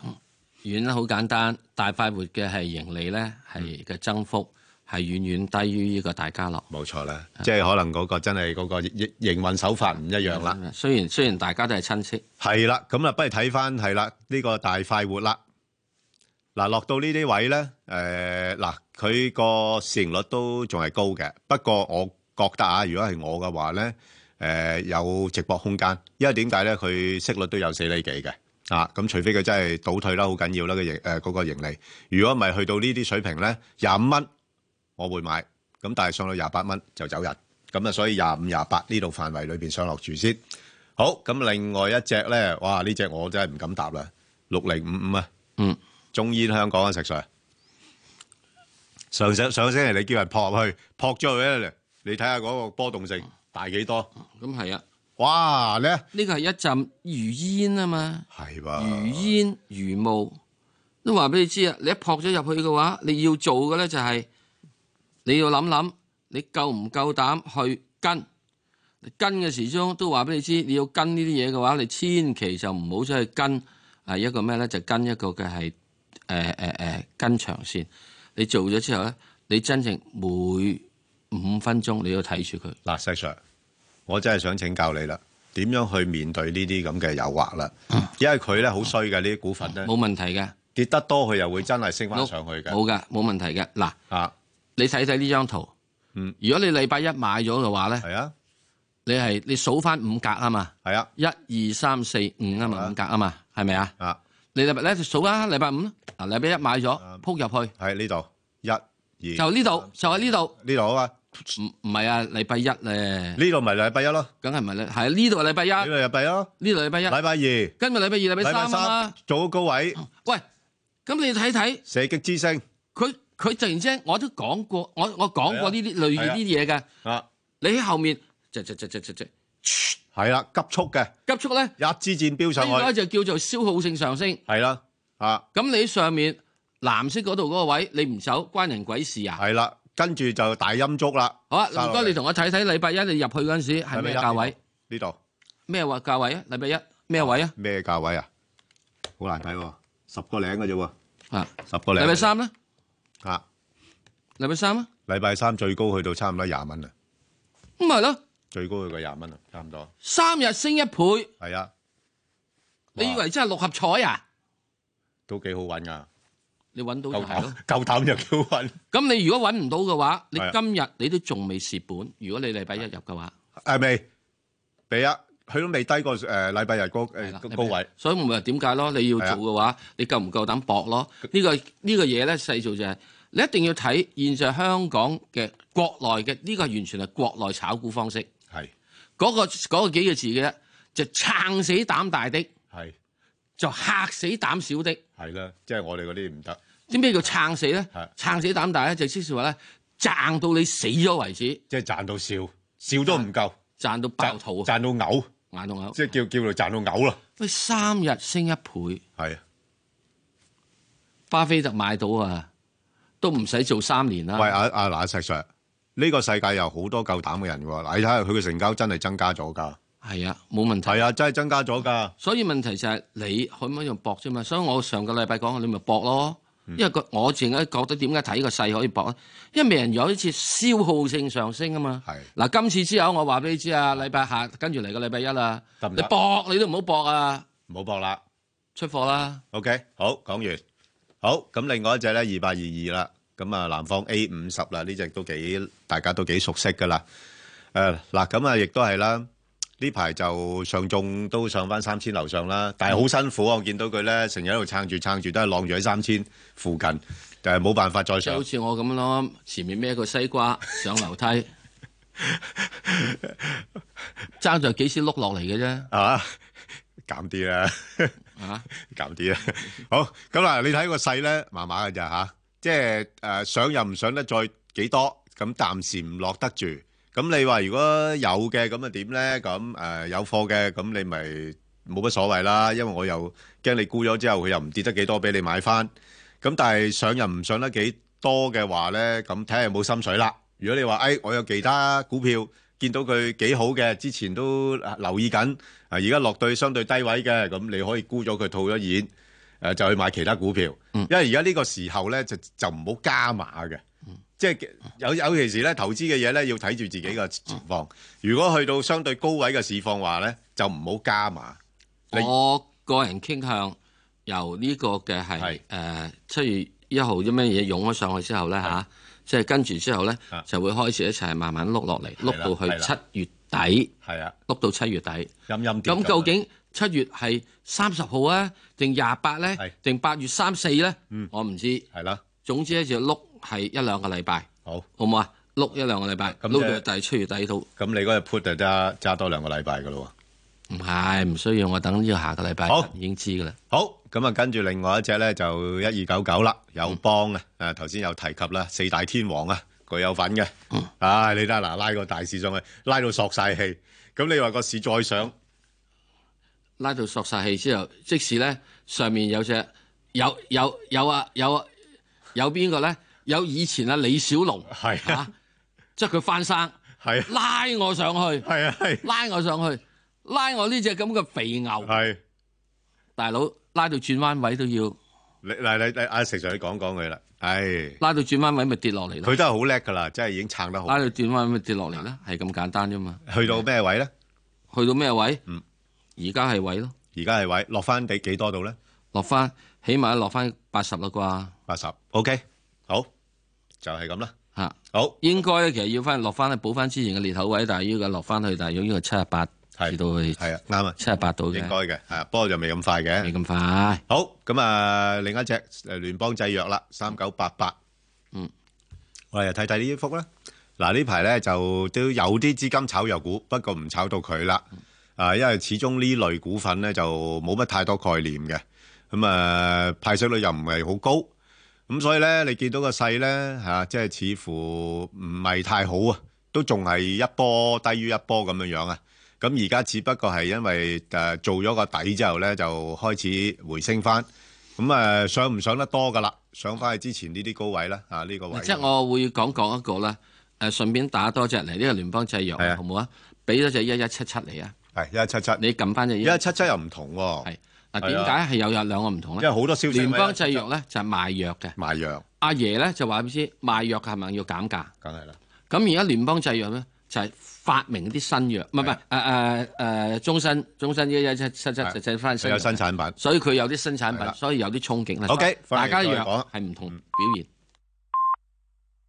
遠啦，好簡單，大快活嘅，係盈利咧，係嘅增幅係遠遠低於呢個大家樂。冇錯啦，即係可能嗰個真係嗰個營運手法唔一樣啦。雖然雖然大家都係親戚，係啦，咁啦，不如睇翻係啦呢個大快活啦。嗱，落到呢啲位咧，誒嗱，佢個市盈率都仲係高嘅。不過，我覺得啊，如果係我嘅話咧，誒有直播空間，因為點解咧？佢息率都有四釐幾嘅啊。咁除非佢真係倒退啦，好緊要啦。佢盈，誒嗰個盈利，如果唔係去到呢啲水平咧，廿五蚊我會買，咁但係上到廿八蚊就走人。咁啊，所以廿五、廿八呢度範圍裏邊上落住先。好，咁另外一隻咧，哇！呢隻我真係唔敢答啦，六零五五啊，嗯。中煙香港啊，食水，上上上星期你叫人撲去撲咗去咧，你睇下嗰個波動性大幾多？咁係啊，哇，呢呢個係一浸如煙啊嘛，係吧？如煙如霧都話俾你知啊，你一撲咗入去嘅話，你要做嘅咧就係你要諗諗，你夠唔夠膽去跟？跟嘅時鐘都話俾你知，你要跟呢啲嘢嘅話，你千祈就唔好出去跟啊一個咩咧，就跟一個嘅係。誒誒誒，跟長線，你做咗之後咧，你真正每五分鐘你都睇住佢。嗱，西 Sir，我真係想請教你啦，點樣去面對呢啲咁嘅誘惑啦、嗯？因為佢咧好衰嘅呢啲股份咧。冇問題嘅，跌得多佢又會真係升翻上去嘅。冇噶，冇問題嘅。嗱，啊，你睇睇呢張圖，嗯，如果你禮拜一買咗嘅話咧，係、嗯、啊，你係你數翻五格啊嘛，係啊，一二三四五啊嘛，五格啊嘛，係咪啊？啊。1, 2, 3, 4, 5，啊你禮拜一就數啦，禮拜五啦，啊禮拜一買咗，撲、嗯、入去，喺呢度，一、二，就呢度、嗯，就喺呢度，呢度好嘛？唔唔係啊，禮拜一咧，呢度唔係禮拜一咯，梗係唔係咧？係呢度係禮拜一，呢度禮拜一。呢度禮拜一，禮拜二，跟住禮拜二、禮拜三啦、啊，早高位，喂，咁你睇睇，射擊之星，佢佢突然之間我都講過，我我講過呢啲、啊、類似啲嘢嘅，啊，啊，你喺後面，即即即即係啦，急速嘅。急速咧，一支箭飆上去，而家就叫做消耗性上升。係啦，啊，咁你上面藍色嗰度嗰個位，你唔走關人鬼事啊？係啦，跟住就大陰燭啦。好啊，林哥，你同我睇睇禮拜一你入去嗰陣時係咩價位？呢度咩話價位啊？禮拜一咩位啊？咩價位啊？好難睇喎，十個零嘅啫喎。啊，十個零。禮拜三咧？啊，禮拜三啊？禮拜三最高去到差唔多廿蚊啊？咁咪咯。最高佢個廿蚊啊，差唔多三日升一倍。係啊，你以為真係六合彩啊？都幾好揾㗎，你揾到就係咯，夠膽就幾好揾。咁你如果揾唔到嘅話、啊，你今日你都仲未蝕本。如果你禮拜一入嘅話，係咪？俾啊，佢都未低過誒禮拜日個、呃啊、高位，所以咪點解咯？你要做嘅話、啊，你夠唔夠膽搏咯？這個這個、呢個呢個嘢咧，細數就係、是、你一定要睇現在香港嘅國內嘅呢、這個，完全係國內炒股方式。嗰、那個幾、那個幾個字嘅啫，就撐死膽大的，係就嚇死膽小的，係啦，即係我哋嗰啲唔得。點解叫撐死咧？撐死膽大咧，就即是話咧賺到你死咗為止，即係賺到笑，笑都唔夠賺，賺到爆肚賺，賺到嘔，賺到嘔，即、就、係、是、叫叫做賺到嘔啦。喂，三日升一倍，係啊，巴菲特買到啊，都唔使做三年啦。喂，阿、啊、阿、啊啊、石 Sir。呢、這個世界有好多夠膽嘅人喎，你睇下佢嘅成交真係增加咗噶，係啊冇問題，係啊真係增加咗噶。所以問題就係你可唔可以用搏啫嘛？所以我上個禮拜講，你咪搏咯。因為個我自己覺得點解睇個勢可以搏咧？因為未人有一次消耗性上升啊嘛。係嗱，今次之後我話俾你知啊，禮拜下跟住嚟個禮拜一啦，你搏你都唔好搏啊，唔好搏啦，出貨啦、嗯。OK，好，講完，好，咁另外一隻咧二八二二啦。咁啊，南方 A 五十啦，呢隻都幾，大家都幾熟悉噶啦。誒，嗱，咁啊，亦都係啦。呢排就上眾都上返三千樓上啦，但係好辛苦，我見到佢咧，成日喺度撐住撐住，都係晾住喺三千附近，但係冇辦法再上。即係好似我咁咯，前面孭個西瓜上樓梯，爭在幾時碌落嚟嘅啫。啊，減啲啦，啊，減啲啦。好，咁啊，你睇個勢咧，麻麻嘅咋吓？即係誒上又唔上得再幾多，咁暫時唔落得住。咁你話如果有嘅，咁啊點呢？咁誒、呃、有貨嘅，咁你咪冇乜所謂啦。因為我又驚你沽咗之後，佢又唔跌得幾多俾你買翻。咁但係上又唔上得幾多嘅話呢，咁睇下有冇心水啦。如果你話誒、哎，我有其他股票見到佢幾好嘅，之前都留意緊，而家落對相對低位嘅，咁你可以沽咗佢套咗現。誒、呃、就去買其他股票，因為而家呢個時候咧就就唔好加碼嘅、嗯，即係尤其是咧投資嘅嘢咧要睇住自己嘅情況、嗯嗯。如果去到相對高位嘅市況嘅話咧，就唔好加碼。我個人傾向由呢個嘅係誒七月一號啲咩嘢湧咗上去之後咧嚇，即係、啊就係、跟住之後咧就會開始一齊慢慢碌落嚟，碌到去七月底。係啊，碌到七月底。陰陰跌咗。咁究竟？七月係三十號啊，定廿八咧，定八月三四咧，我唔知。係啦，總之咧就碌係一兩個禮拜，好，好唔好啊？碌一兩個禮拜，咁、嗯、碌到就係、嗯、七月底到。咁、嗯、你嗰日 put 就揸揸多兩個禮拜噶咯喎？唔係，唔需要，我等住下個禮拜，好已經知噶啦。好，咁啊跟住另外一隻咧就一二九九啦，友邦、嗯、啊，啊頭先有提及啦，四大天王、嗯、啊，佢有份嘅，啊你得嗱拉個大市上去，拉到索晒氣，咁你話個市再上？嗯拉到索晒氣之後，即使咧上面有只有有有啊有啊有邊個咧？有以前啊李小龍係啊，啊，即係佢翻生，啊拉，我啊拉，我啊、拉我上去，拉我上去，拉我呢隻咁嘅肥牛，啊、大佬拉到轉彎位都要。嗱、啊，你你阿成常你講講佢啦，係、哎、拉到轉彎位咪跌落嚟咯。佢都係好叻噶啦，真係已經撐得好。拉到轉彎咪跌落嚟啦，係咁簡單啫嘛。去到咩位咧？去到咩位？嗯。而家係位咯，而家係位落翻幾幾多度咧？落翻起碼落翻八十啦啩，八十 OK 好，就係咁啦吓，好應該其實要翻落翻去補翻之前嘅裂口位，但係要個落翻去，但係要呢個七十八至到去係，啊，啱，啊七十八度嘅，應該嘅，啊不過就未咁快嘅，未咁快。好咁啊另一隻誒聯邦製藥啦三九八八。嗯，我哋又睇睇呢幅啦。嗱，呢排咧就都有啲資金炒藥股，不過唔炒到佢啦。啊，因為始終呢類股份咧就冇乜太多概念嘅，咁啊派息率又唔係好高，咁所以咧你見到個勢咧嚇，即係似乎唔係太好啊，都仲係一波低於一波咁樣樣啊。咁而家只不過係因為誒、啊、做咗個底之後咧，就開始回升翻咁啊，上唔上得多噶啦？上翻去之前呢啲高位咧啊，呢、這個位即係我會講講一個啦，誒、啊、順便打多隻嚟呢個聯、這個、邦製藥啊，好唔好啊？俾多隻一一七七嚟啊！係，177, 一 1, 又七七，啊，你撳翻隻嘢。而七七又唔同喎。嗱點解係有有兩個唔同咧？因為好多消聯邦製藥咧就係、是、賣藥嘅。賣藥。阿爺咧就話點知賣藥係咪要減價？梗係啦。咁而家聯邦製藥咧就係、是、發明啲新藥，唔係唔係誒誒誒，中身，中身 1, 7, 7,，一一七七七製翻新藥。有新產品。所以佢有啲新產品，所以有啲憧憬，憬 O、okay, K，大家藥係唔同表現。嗯